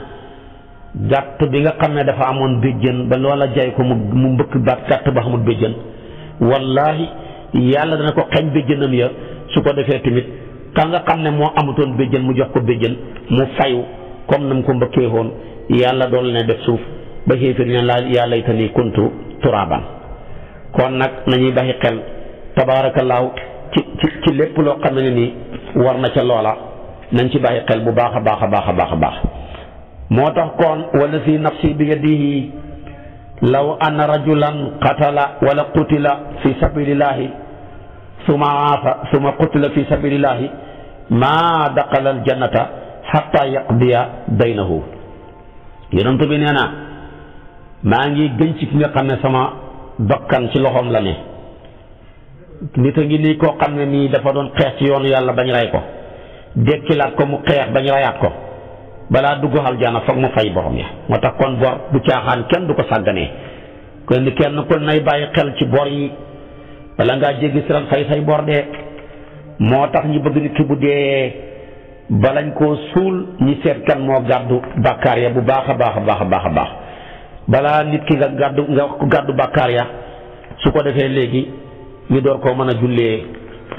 gàtt bi nga xam ne dafa amoon béjjën ba a jay ko mu mu mbëkk baat gàtt ba xamul béjjën wallaahi yàlla dana ko xeñ béjjënam ya su ko defee tamit ka nga xam ne moo amutoon bëjjën mu jox ko béjjën mu fayu comme na mu ko mbëkkee woon yàlla dool ne def suuf ba xéefir ne laa yaa laytanii kuntu turaaban kon nag nañuy bàyyi xel tabaarakallaahu ci ci ci lépp loo xam ni war na ca loola nañ ci bàyyi bu baax a baax a baax a baax a baax moo tax kon wala si nafsi bi yadihi law anna rajulan qatala wala qutila fi sabilillahi suma aafa suma qutila fi sabilillahi maa daqala aljannata xatta yaqdiya baynahu yonent bi nee na maa ngi gën ci ki ne sama bakkan ci loxoom la ne nit a ngi nii koo xam ne nii dafa doon xeex ci yoonu yàlla bañ ray ko dekkilaat ko mu xeex bañ rayaat ko balaa dugg aljana foog mu fay borom ya moo tax kon bor bu caaxaan kenn du ko sàgganee kenn kenn ku nay bàyyi xel ci bor yi bala ngaa jéggi siran fay say bor dee moo tax ñu bëgg nit ki bu dee balañ koo suul ñi seet kan moo gàddu bàkkaar ya bu baax a baax a baax a baax a baax balaa nit ki nga gàddu nga gàddu bàkkaar ya su ko defee léegi ñu door ko mëna a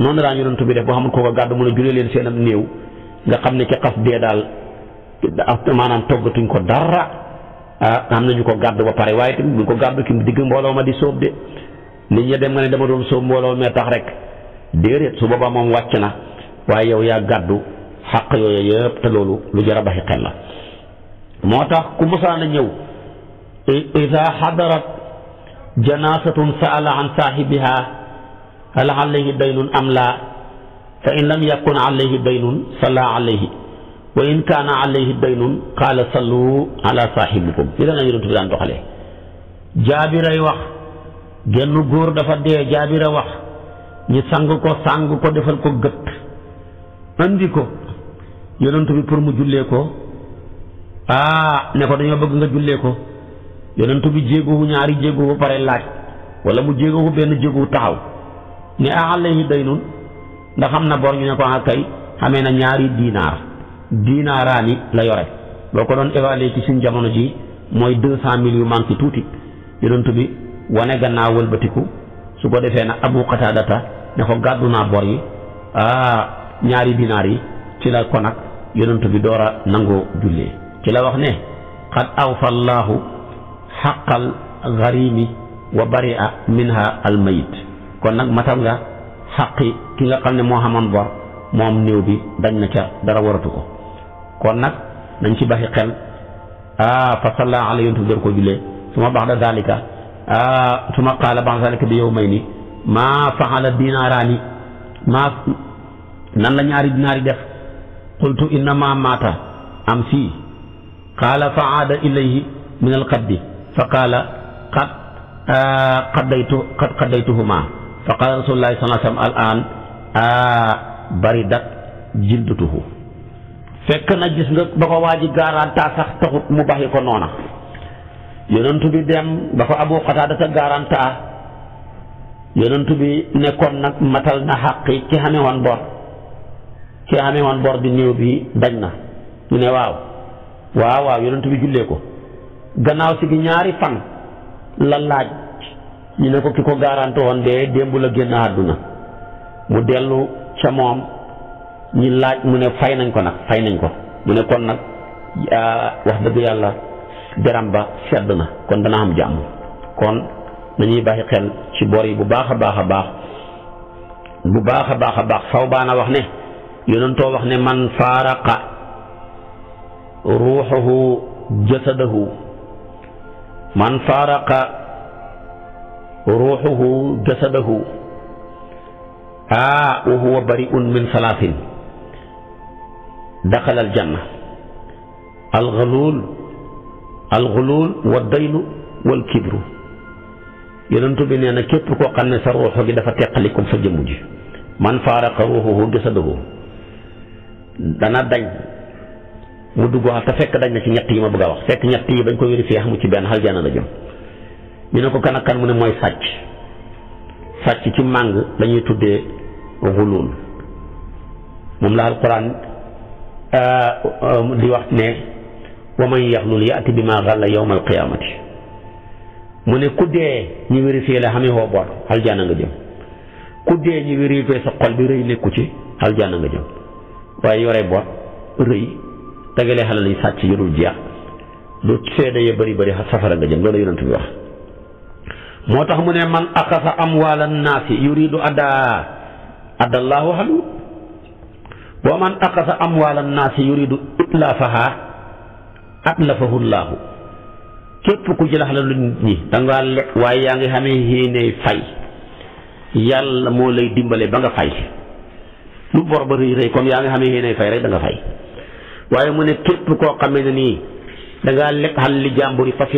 non la laa yonent bi def bo xamul ko ko gaddu mëna jullee leen seenam neew néew nga xam ne ki xas dee daal manam toggatuñ ko dara ah am nañu ko gaddu ba pare waye tim bu ko gaddu ki digg mbolo ma di soob de ni ña dem nga dama doon soob mbolo mee tax rek déedéet su baba mom wacc na waye yow ya gaddu haq yooyu yeb te lolu lu jara bahi xel la motax tax ku mosaan ñew ñëw ida xadarat saala an sahibiha hal alayhi daynun am laa fa in lam yakun alayhi daynun salla alayhi wa in kaana alayhi daynun qaala sallu ala saahibikum li daan yonent bi daan doxalee jaabiray wax genn góor dafa dee jaabira wax ñu sang ko sang ko defal ko gët andi ko yonent bi pour mu jullee ko ah ne ko dañoo bëgg nga jullee ko yonent bi jéegowu ñaari jéego ba pare laaj wala mu jéegowu benn jéegowu taxaw ne alayhi daynun ndax xam na bor ñu ne ko nga ah kay na ñaari dinaar dinaaraani la yore boo ko doon évaluer ci suñ jamono ji mooy deux cent mille yu manqué tuuti yonent bi wane gannaaw wëlbatiku su ko defee na abu qataadata ne ko gàddu naa bor yi ah ñaari dinaar yi ci la ko nag yonent bi door a nangoo jullee ci la wax ne qad awfa llahu xaqal garimi wa bari'a minha al mayit kon nag matal nga xaqi ki nga xam ne moo xamoon bor moom néew bi dañ na ca dara waratu ko kon nag nañ ci baxi xel ah fa salla ala yontu bi dara ko jullee su ah, ma baax da dalika ah su ma qaala baax dalika bi yow may ni maa faxala dinaaraani maa nan la ñaari dinaari def qultu innama maata am si qaala fa aada ilayhi min alqaddi fa qaala qad ah, qaddaytu qad qaddaytuhuma fa qaala rasulullahi sallallahu alayhi wa aa baridat jildutuhu fekk na gis nga ba ko waa ji sax taxut mu baxi ko noona yonentu bi dem ba fa abu xataada ta garantaa yonentu bi nekkoon nag matal na xàqi ci xame bor ci xame bor bi néew bi dañ na ñu ne waaw waaw waaw yonentu bi jullee ko gannaaw si gi ñaari fan la laaj ñu ne ko ki ko garanti woon dee démb la génn àdduna mu dellu ca moom ñi laaj mu ne fay nañ ko nag fay nañ ko mu ne kon nag wax dëgg yàlla deram ba sedd na kon dana am jàmm kon dañuy bàyyi xel ci bor bu baax a baax a baax bu baax a baax a baax sawbaana wax ne yonentoo wax ne man faaraqa ruuxuhu jasadahu man faaraqa ruuxuhu jasadahu ah wa huwa bariun min salaasin daxala aljanna alxaluul alxuluul wa daylu wal kibru yonentu bi nee na képp koo xam ne sa ruuxu gi dafa teqalikum sa jëmm ji man faaraqa ruuxuhu jasadahu dana dañ mu dugg te fekk dañ na ci ñett yi ma bëgg a wax fekk ñett yi bañ ko vérifié xamu ci benn xal janna la ñu ne ko kan kan mu ne mooy sàcc sàcc ci màng lañuy tuddee xulul moom la alquran euh, di wax ne wa man yaxlul yaati bi ma xalla yowma alqiyamati mu ne ku dee ñu vérifié la xamee xoo bor aljaana nga jëm ku dee ñu vérifié sa xol bi rëy nekku ci aljaana nga jëm waaye yore bor rëy dagalee xalal yi sàcc yu dul jeex lu seede ya bëri bëri safara nga jëm loolu yonent bi wax motax mune man akasa amwalan nasi yuridu ada adallahu halu wa man akasa amwalan nasi yuridu itlafaha atlafahu allah kep ku jëlax la lu ni da danga lekk waaye yaa ngi xamee fay yalla mo lay dimbalé ba nga fay lu bor ba reey reey comme ya nga xamee yéene fay rek da nga fay waye mune kep ko koo ni da nga lek hal li jàmbur yi fas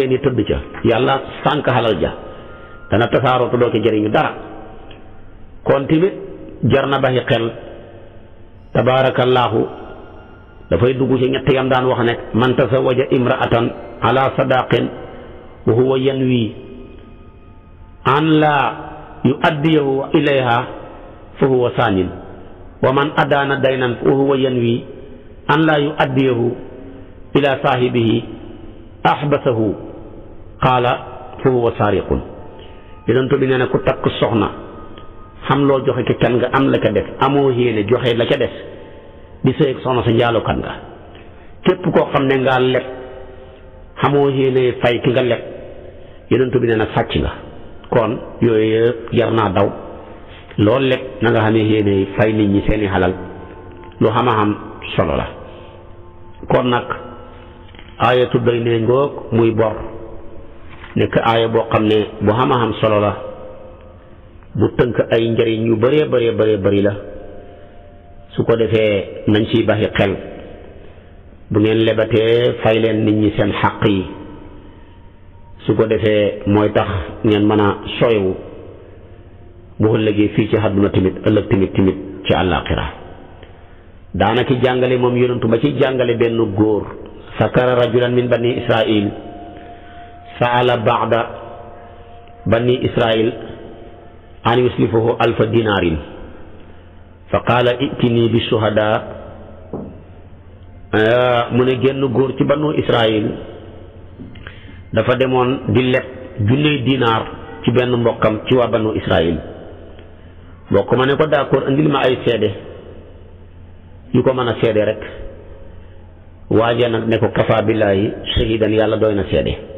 ca ja dana tasaaroo te doo ci jëriñu dara kon tamit jar na bàyyi xel tabaarakallaahu dafay dugg ci ñett yam daan wax ne man tasawaja imraatan ala sadaqin wa huwa yanwi an laa yuaddiyahu ilayha fa huwa saanin wa man adaana daynan fa huwa yanwi an laa yuaddiyahu ila saahibihi ahbasahu qaala fa huwa saariqun yonent bi nee na ku takk soxna xam loo joxe ki kan nga am la ca def amoo yéene joxe la ca def di sëy ak soxna sa njaalukat nga képp koo xam ne ngaa leb xamoo yéene fay ki nga leb yonent bi nee na sàcc nga kon yooyu yëpp jar naa daw loolu leb na nga xam ne yéene fay nit ñi seeni xalal lu xama xam solo la kon nag aayatu doy ne ngoog muy bor nekk aaya boo xam ne bu xam xam solo la bu tënk ay njëriñ yu bëree bëree bëree bari la su ko defee nañ ciy baxi xel bu ngeen lebatee fay leen nit ñi seen xàq yi su ko defee mooy tax ngeen mën a sooywu bu ëllëgee fii ci àdduna tamit ëllëg tamit tamit ci àllaaxira daanaki jàngale moom yonentu ba ci jàngale benn góor sakara rajulan min bani israil saala baax bani israil an yuslifahu alfa dinaarin fa qaala itini bi shuhada mu ne génn góor ci banu israil dafa demoon di leb junney dinaar ci benn mbokkam ci waa banu boo ko ma ne ko d'accord andil ma ay seede yu ko mën a seede rek waaje nag ne ko kafa billaahi shahidan yàlla doy na seede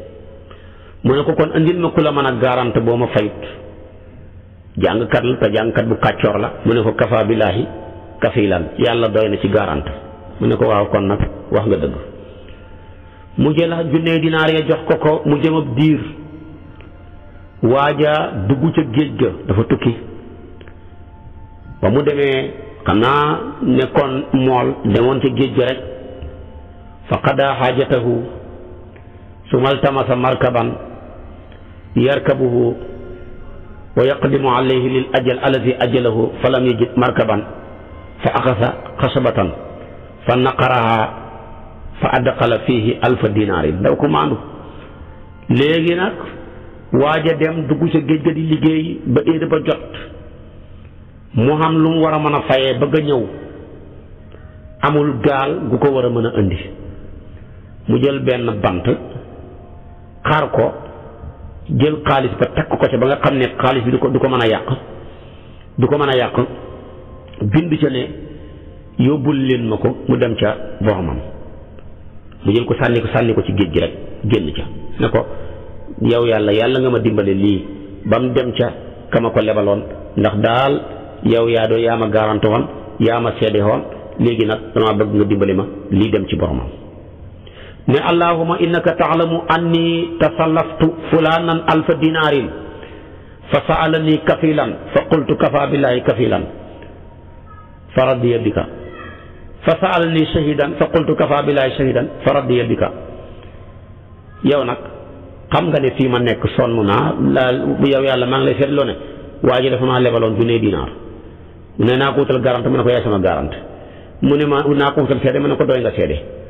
mu ne ko kon indil ma kula la mën a garante boo ma fayut jàngkat la te jàngkat bu kàccoor la mu ne ko kafa billahi kafilan yàlla doy na ci garante mu ne ko waaw kon nag wax nga dëgg mu jëla junne dinaar ya jox ko ko mu jëm ab diir waaja dugg ca géej dafa tukki ba mu demee nekkoon mool demoon ca géej rek fa xaajatahu markaban yarkabuhu wa yaqdimu alayhi lil ajal alladi fa lam yajid markaban fa axasa xasabatan fa naqaraha fa adxala fiihi alfa dinaarin ndaw ko maandu léegi nag waaj dem dugg sa géej ga di liggéey ba heure ba jot mu xam lu mu war a mën a fayee bëgg a ñëw amul gaal gu ko war a mën a indi mu jël benn bant xar ko jël xaalis ba takk ko ca ba nga xam ne xaalis bi du ko du ko mën a yàq du ko mën a yàq bind ca ne yóbbul leen ma ko mu dem ca boromam bu jël ko sànni ko sànni ko ci géej gi rek génn ca ne ko yow yàlla yàlla nga ma dimbale lii ba mu dem ca kama ko lebaloon ndax daal yaw yaa doo yaa ma garante woon yaa ma seede léegi nag damaa bëgg nga dimbali ma lii dem ci boromam ne allahumma innaka ta'lamu anni tasallaftu fulanan alf dinarin fa saalani kafilan fa qultu kafa billahi kafilan faraddi yadika fa saalani shahidan fa qultu kafa billahi shahidan faraddi yadika yow nak xam nga ne fi ma nek sonu na la yow yàlla maa lay seetloo ne waji dafa ma lebalon lebaloon ne dinar ne na ko tal garante mu ne ko yaay sama garante mu ne ma naa ko tal seede mu ne ko doy nga seede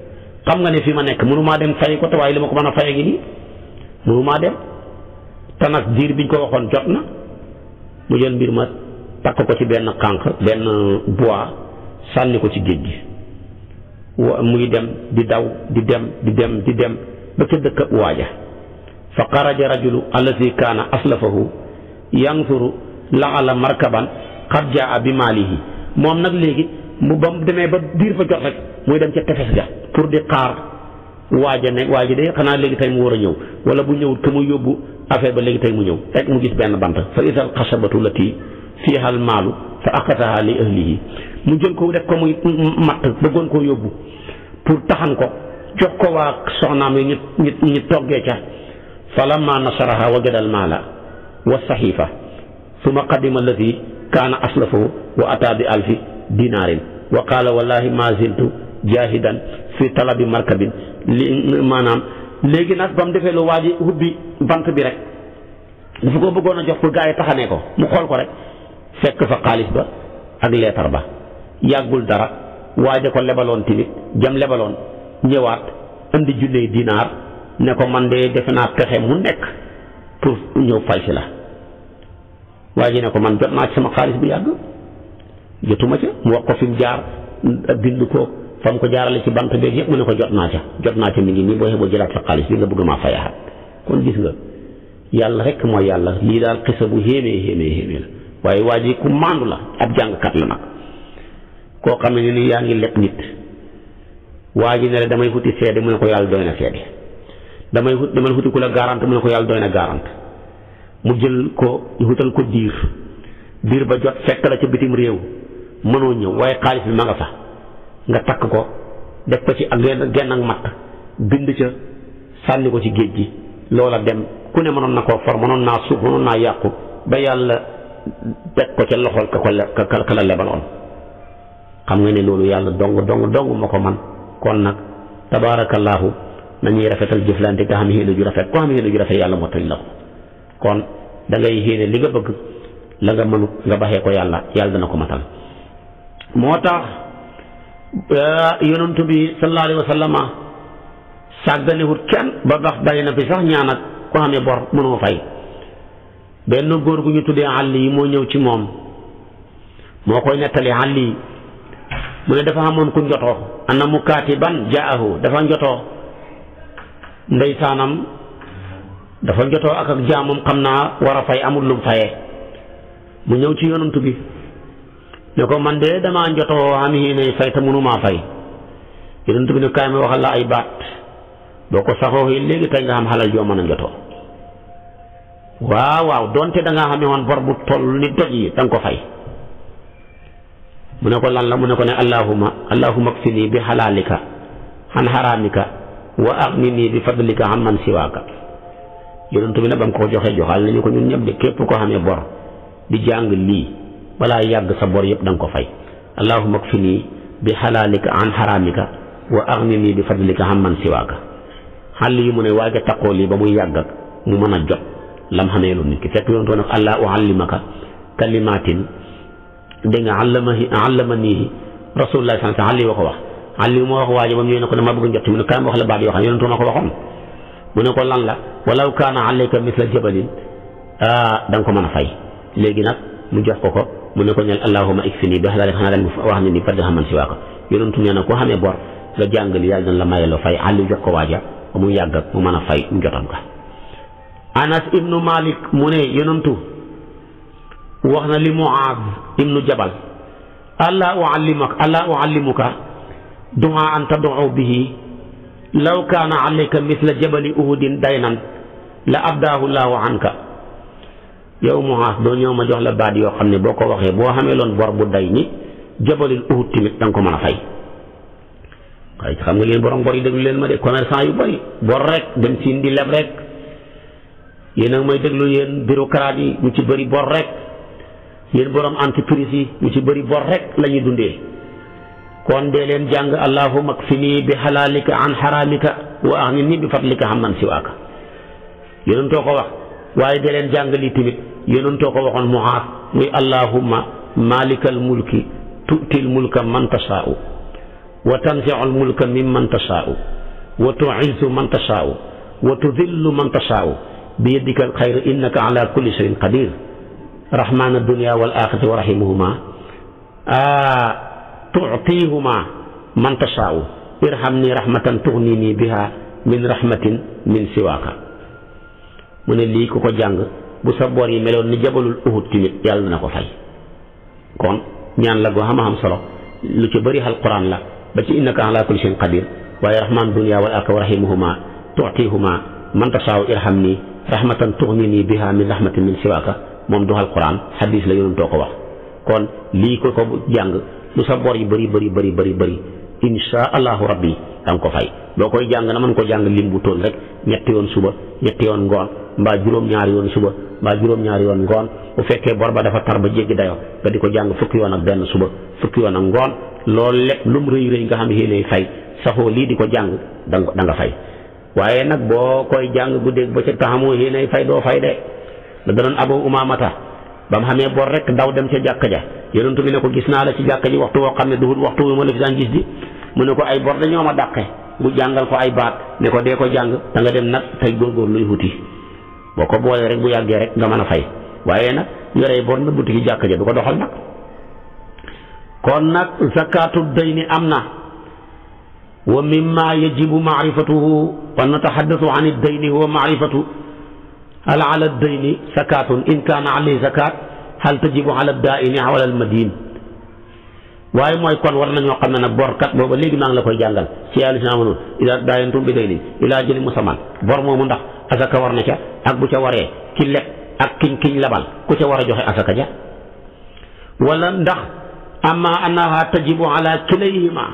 xam nga ne fi ma nekk mënumaa dem fay ko te waaye li ma ko mën a fay nii dem te nag diir biñ ko waxoon jot na mu jël mbir ma takk ko ci benn xànq benn bois sànni ko ci géej gi wa muy dem di daw di dem di dem di dem ba ca dëkk waaja fa qaraja rajulu allazi kaana aslafahu yanzuru laala markaban qad jaa bi maalihi moom nag léegi mu ba mu demee ba diir ba jot rek muy dem ca tefes ga pour di xaar waaja ne waaja de xanaa léegi tey mu war a ñëw wala bu ñëwut ka mu yóbbu affaire ba léegi tey mu ñëw rek mu gis benn bant fa isal xasabatu lati fiha al maalu fa aqataha li ahlihi mu jël ko def ko muy matt bëggoon koo yóbbu pour taxan ko jox ko waa soxnaam yi ñu ñu ñu toggee ca falamma nasaraha wajada al maala wa saxiifa suma qadima allati kaana aslafahu wa ataa bi alfi dinaarin wa qaala wallahi ma ziltu jaahidan fi talabi markabin li maanaam léegi nag ba mu defee lu waa ji hubbi bant bi rek dafa ko bëggoon a jox pour gaa yi taxanee ko mu xool ko rek fekk fa xaalis ba ak leetar ba yàggul dara waaja ko lebaloon tamit jam lebaloon ñëwaat indi junney dinaar ne ko man de defe naa pexe mu nekk pour ñëw fay si la waa ne ko man jot naa ci xaalis bu yàgg jotuma ci mu wax ko fim jaar bind ko fam ko jaarale ci bant beeg yepp mu ne ko jot naa ca jot naa ca mi ngi nii boo xeboo jëlaat sa xaalis bi nga bëgg ma fayaha kon gis nga yalla rek mo yalla li dal xisa bu heme heme xéemee la ku mandu la ab kat la nak ko xamni ni yaa ngi nit waji ne la damay xuti seede mu ne ko yalla doyna na seede damay xut damay xuti ku mu ne ko yalla doyna garant mu jël ko hutal ko dir diir ba jot fekk la ci bitim rew mënoo ñëw waaye xaalis bi ma nga fa nga takk ko def ko ci ak genn ak matt bind ca sànni ko ci géej gi loola dem ku ne mënoon na koo for mënoon naa suuf mënoon naa yàqu ba yàlla teg ko ca loxol ka ko le ka la lebaloon xam nga ne loolu yàlla dong dong dong ma ko man kon nag tabaarakallaahu nañuy rafetal jëflante nga xam xéene ju rafet ko xam xéene ju rafet yàlla mottali la ko kon da ngay xéene li nga bëgg la nga mënut nga baxee ko yàlla yàlla dana ko matal moo tax euh, yonantu bi sallallahu alayhi wa sallam sàgganewut kenn ba tax bari na fi sax ñaan ak ku amee bor mënoo fay benn góor gu ñu tuddee àll yi moo ñëw ci moom moo koy nettali àll yi mu ne dafa amoon ku njotoo ana mu kaatiban jaahu dafa njotoo ndeysaanam dafa njotoo ak ak jaamam xam naa war a fay amul lu fayee mu ñëw ci yonantu bi ne ko man de damaa njotoo am yi nay fay te mënumaa fay yonent bi ne kaay ma waxal la ay baat boo ko saxoo yi léegi tey nga xam xalal yoo a njotoo waaw waaw donte da ngaa xamee woon bor bu toll ni doj yi da ko fay mu ne ko lan la mu ne ko ne allahuma allahuma kfinii bi xalaalika xan xaraamika wa agninii bi fadlika xam man siwaaka yonent bi ne ba mu ko joxee joxal nañu ko ñun ñëpp de képp ko xamee bor di jàng lii balaa yàgg sa bor yépp danga nga ko fay allahumma kfini bi xalaalika an xaraamika wa aghnini bi fadlika amman siwaaka xàll yi mu ne waaj a taqoo lii ba muy yàgg ak mu mën a jot lam xamee lu nit ki fekk yoon toon ak allah uallimaka kalimatin dégg nga allamahi allamanihi rasulullah sallallahu alayhi wa sallam xàll yi ko wax xàll yi moo wax waajo ba mu ñëwee ne ko dama bëgg njot mu ne kaay ma wax la baat yoo xam yonentu ma ko waxoon mu ne ko lan la walaw kaana alayka misla jabalin ah, da nga ko mën a fay léegi nag mu jox ko ko mu ne ko ñaan allahuma ikfini bi xalaali xalaali wax ne ni faddi xaman si waa ko yonentu nee na koo xamee bor nga jàngali yàlla dina la maye loo fay àlli jox ko waaja ba mu yàgg ak mu mën a fay njotam ka anas ibnu malik mu ne yonentu wax na li muaaz ibnu jabal allah uallimak allah uallimuka duha an tadoo bihi law kaana alayka misla jabali uhudin daynan la abdaahu laahu anka yow Muaaz doo ñëw ma jox la baat yoo xam ne boo ko waxee boo xamee loon bor bu day ni jabalul Uhud tamit da ko mën a fay waaye xam nga yéen borom bor yi déglu leen ma de commerçant yu bari bor rek dem siin di leb rek yéen a may déglu yéen bureaucrate yi mu ci bëri bor rek yéen borom entreprise yi mu ci bëri bor rek lañuy dundee kon dee leen jàng allahumma kfinii bi xalaalika an xaraamika wa aghnini bi fadlika amman siwaaka yéen too ko wax waaye dee leen jàng lii tamit ينتوك وخون معاذ وي اللهم مالك الملك تؤتي الملك من تشاء وتنزع الملك ممن تشاء وتعز من تشاء وتذل من تشاء بيدك الخير انك على كل شيء قدير رحمن الدنيا والاخره ورحمهما آه تعطيهما من تشاء ارحمني رحمه تغنيني بها من رحمه من سواك من اللي كوكو جانغ bu sa bor yi meloon ni jabalul uhud tamit yàlla na ko fay kon ñaan la goo xam-xam solo lu ci bëri alquran la ba ci innaka ala kulli shay'in qadir waaye rahman dunya wal aaxira wa rahimuhuma tu'tihuma man tasaaw irham nii rahmatan tughnini biha min rahmatin min siwaaka moom du alquran xadis la too ko wax kon lii ko ko jàng lu sa bor yi bëri bëri bëri bëri bëri insha allahu rabbi da nga ko fay doo koy jàng na mën ko jàng lim bu toon rek ñetti yoon suba ñetti yoon ngoon mbaa juróom-ñaari yoon suba mbaa juróom-ñaari yoon ngoon bu fekkee bor ba dafa tar ba jéggi dayoo nga di ko jàng fukki yoon ak benn suba fukki yoon ak ngoon loolu lépp lum rëy rëy nga xam ne fay saxoo lii di ko jàng da nga fay waaye nag boo koy jàng guddeeg ba ca taxamoo yéenay fay doo fay de da doon abou umamata ba mu xamee bor rek daw dem ca jàkka ja yonent bi ne ko gis naa la ci jàkka ji waxtu woo xam ne duhut waxtu wi ma la fi daan gis di mu ne ko ay bor dañoo ma dàqe mu jàngal ko ay baat ne ko dee ko jàng da nga dem nag tey góorgóor luy wuti boo ko boolee rek bu yàggee rek nga mën a fay waaye nag yoree bor na buti ci jàkka ja du ko doxal nag kon nag zakaatu dayni am na wa mimma yajibu maarifatuhu wa nataxaddasu an iddayni huwa maarifatu hal ala dayni zakatun in kaana ali zakat hal tajibu ala daini wala al madin waaye mooy kon war nañoo xam ne nag borkat booba léegi maa ngi la koy jàngal ci yàlla si amanu ila daayantum bi daynin ila jëli musaman bor moomu ndax asaka war na ca ak bu ca waree ki leb ak kiñ kiñ labal ku ca war a joxe asaka ja wala ndax amma annaha tajibu ala kilayhima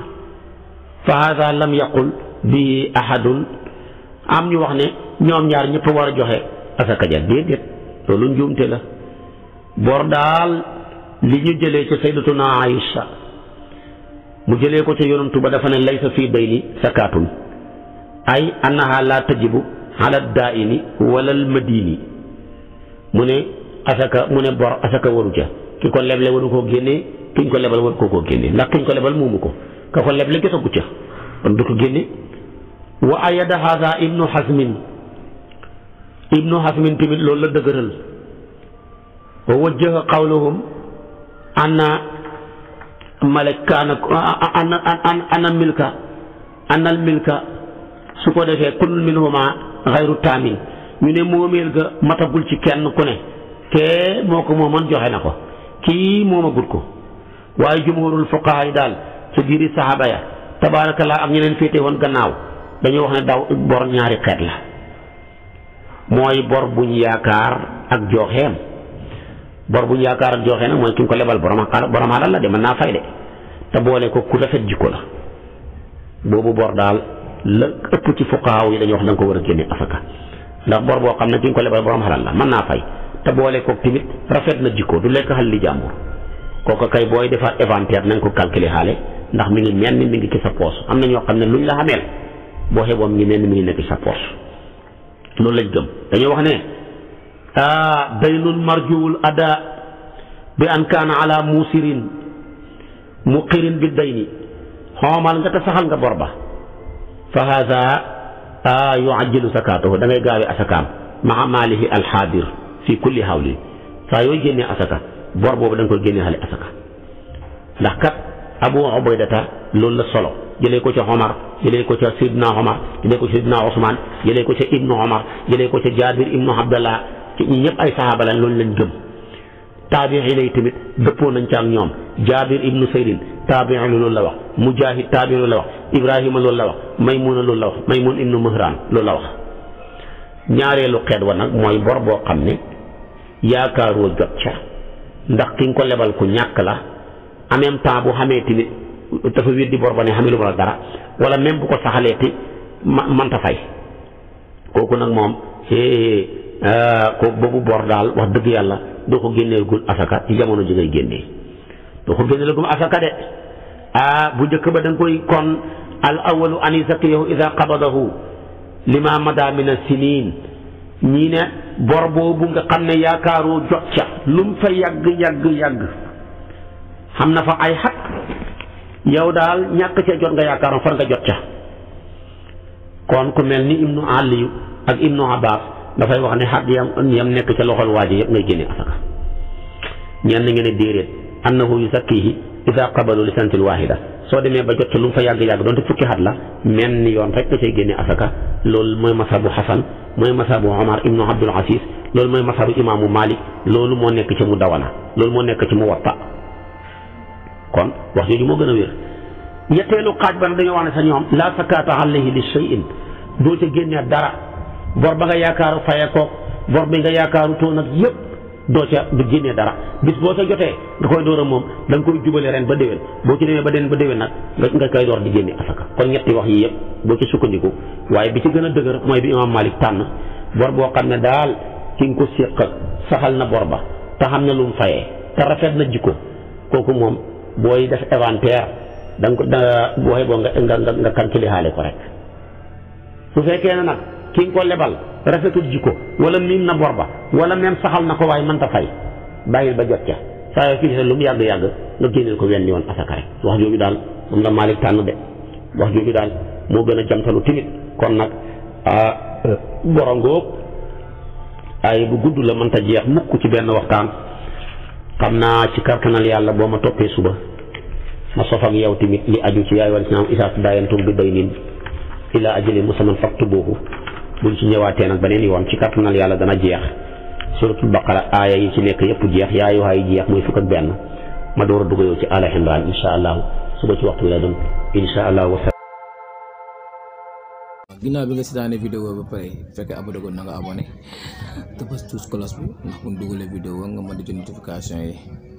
fa hada lam yaqul bi ahadun am ñu wax ne ñoom ñaar ñëpp war a joxe asaka ja déedéet loolu njuumte la bor daal li ñu jëlee ci sayyidatuna Aïcha mu jëlee ko ci ba dafa ne laysa fii dayni sakaatun ay annaha la tajibu ala daa'imi wala almadini mu ne asaka mu ne bor asaka waru ca ki ko leble waru koo génnee kiñ ko lebal waru koo koo génnee ndax kiñ ko lebal muumu ko ka ko leble gisagu ca kon du ko génne wa ayada hada ibnu xasmin ibnu hasmin tamit loolu la dëgëral wa wajjaha qawluhum anna anna anna milka anna milka su ko defee kullun minhuma xayru taamin ñu ne moomeel ga matagul ci kenn ku ne te moo ko moomoon joxe na ko kii moomagut ko waaye jumhurul fuqaha yi daal ci biiri saxaaba ya tabaarakallah ak ñeneen féete woon gannaaw dañoo wax ne daw bor ñaari xeet la mooy bor bu ñu yaakaar ak jooxeem bor buñ yaakaar ak jooxee nag mooy ki nga ko lebal borom borom alal la de mën naa fay de te boole ko ku rafet jikko la boobu bor daal la ëpp ci fuqaaw yi dañuy wax da ko war a génne asaka ndax bor boo xam ne ki nga ko lebal borom alal la mën naa fay te boole ko tamit rafet na jikko du lekk xal li jàmbur kooka kay booy defaat inventaire na ko calculer xaale ndax mi ngi mel ni ngi ci sa poos am na ñoo xam ne luñ la xameel boo xeeboon mi ngi mel ni mi sa poos. loolu lañ gëm dañoo wax ne ah daynun marjuwul ada bi an kaana ala musirin muqirin bi dayni xoomal nga te saxal nga bor ba fa haada ah yuajjilu sakaatuhu da ngay gaawee asakaam maa maalihi alxaadir fi kulli hawlin saa yooy génnee asaka bor boobu da nga koy génnee xale asaka ndax kat abu ubaydata loolu la solo jëlee ko ca Omar jëlee ko ca Sidna Omar jëlee ko ca Sidna Ousmane jëlee ko ca Ibnu Omar jëlee ko ca Jaabir Ibnu Abdallah ci ñi ñëpp ay saxaaba la loolu lañ gëm taabiin yi tamit dëppoo nañ ca ak ñoom Jaabir Ibnu Saydin taabiin loolu la wax Mujaahid taabiin loolu la wax Ibrahima loolu la wax Maymuna loolu la wax Maymun Ibnu Mahran loolu la wax. ñaareelu xeet wa nag mooy bor boo xam ne yaakaaroo jot ca ndax ki nga ko lebal ku ñàkk la. en même temps bu xamee tamit dafa wér di bor ba ne xamee lu ma la dara wala même bu ko saxalee ti ma manta fay kooku nag moom ah, ko boobu bor daal wax dëgg yàlla doo ko génneel gul asaka jamono ji ngay génnee doo ko génneel gul asaka de ah, bu njëkk ba da nga koy kon al awalu an yusaqiyahu ida li lima mada min asinin ñii ne bor boobu nga xam ne yaakaaroo jot ca lu mu fa yàgg yàgg yàgg xam na fa ay xat yow daal ñàkk cee jot nga yaakaaroon far nga jot ca kon ku mel ni ibnu aliyu ak ibnu abbas dafay wax ne xat yam yam nekk ca loxol waa ji yëpp ngay génne asaka ñenn ngeen ne déedéet annahu yuzakkihi ida qabalu li santil waahida soo demee ba jot ca lu mu fa yàgg-yàgg doonte fukki xat la menn yoon rek nga cay génne asaka loolu mooy masabu xasan mooy masabu omar ibnu abdul aziz loolu mooy masabu imaamu malik loolu moo nekk mu dawala loolu moo nekk ci mu watta kon wax jooju moo gën a wér ñetteelu xaaj ba nag dañoo wax ne sa ñoom laa sakaata alayhi li shay'in doo ca génnee dara bor ba nga yaakaaru fayekook bor bi nga yaakaaru toon ak yëpp doo ca du génne dara bis boo ca jotee nga koy door a moom da nga koy jubale ren ba déwén boo ci demee ba déwén ba déwén nag nga koy door di génne asaka kon ñetti wax yi yëpp boo ci sukkandiku waaye bi ci gën a dëgër mooy bi imaam Malik tànn bor boo xam ne daal ki nga ko séq saxal na bor ba te xam na lu mu te rafet na jikko kooku moom booy def inventaire da ko da booy boo nga nga nga calculé xaale ko rek su fekkee ne nag ki nga ko lebal rafetul jikko wala miin na bor ba wala même saxal na ko waaye mënta fay bàyyil ba jot ca saa yoo fi lu mu yàgg yàgg nga génneel ko wenn yoon asaka wax jooju daal moom la Malick tànn wax jooju daal moo gën a jamtalu timit kon nag gorongoog ay bu gudd la mënta jeex mukk ci benn waxtaan xam naa ci kartanal yàlla boo ma toppee suba ma sof ak yow tamit li aju ci yaay war si naam isaa daayantum bi day nin ilaa ajalin musamman faktubuuhu buñ ci ñëwaatee nag beneen yoon ci kàttanal yàlla dana jeex suratul baqara aaya yi ci nekk yëpp jeex yaayu waay jeex muy fukk ak benn ma door a dugg yow ci Al Imran allah suba ci waxtu bi lay doon incha allah. ginnaaw bi nga seetaane vidéo ba pare bu fekkee abonné ko na nga abonné te bës tuus cloche bi ndax bu ñu dugalee vidéo nga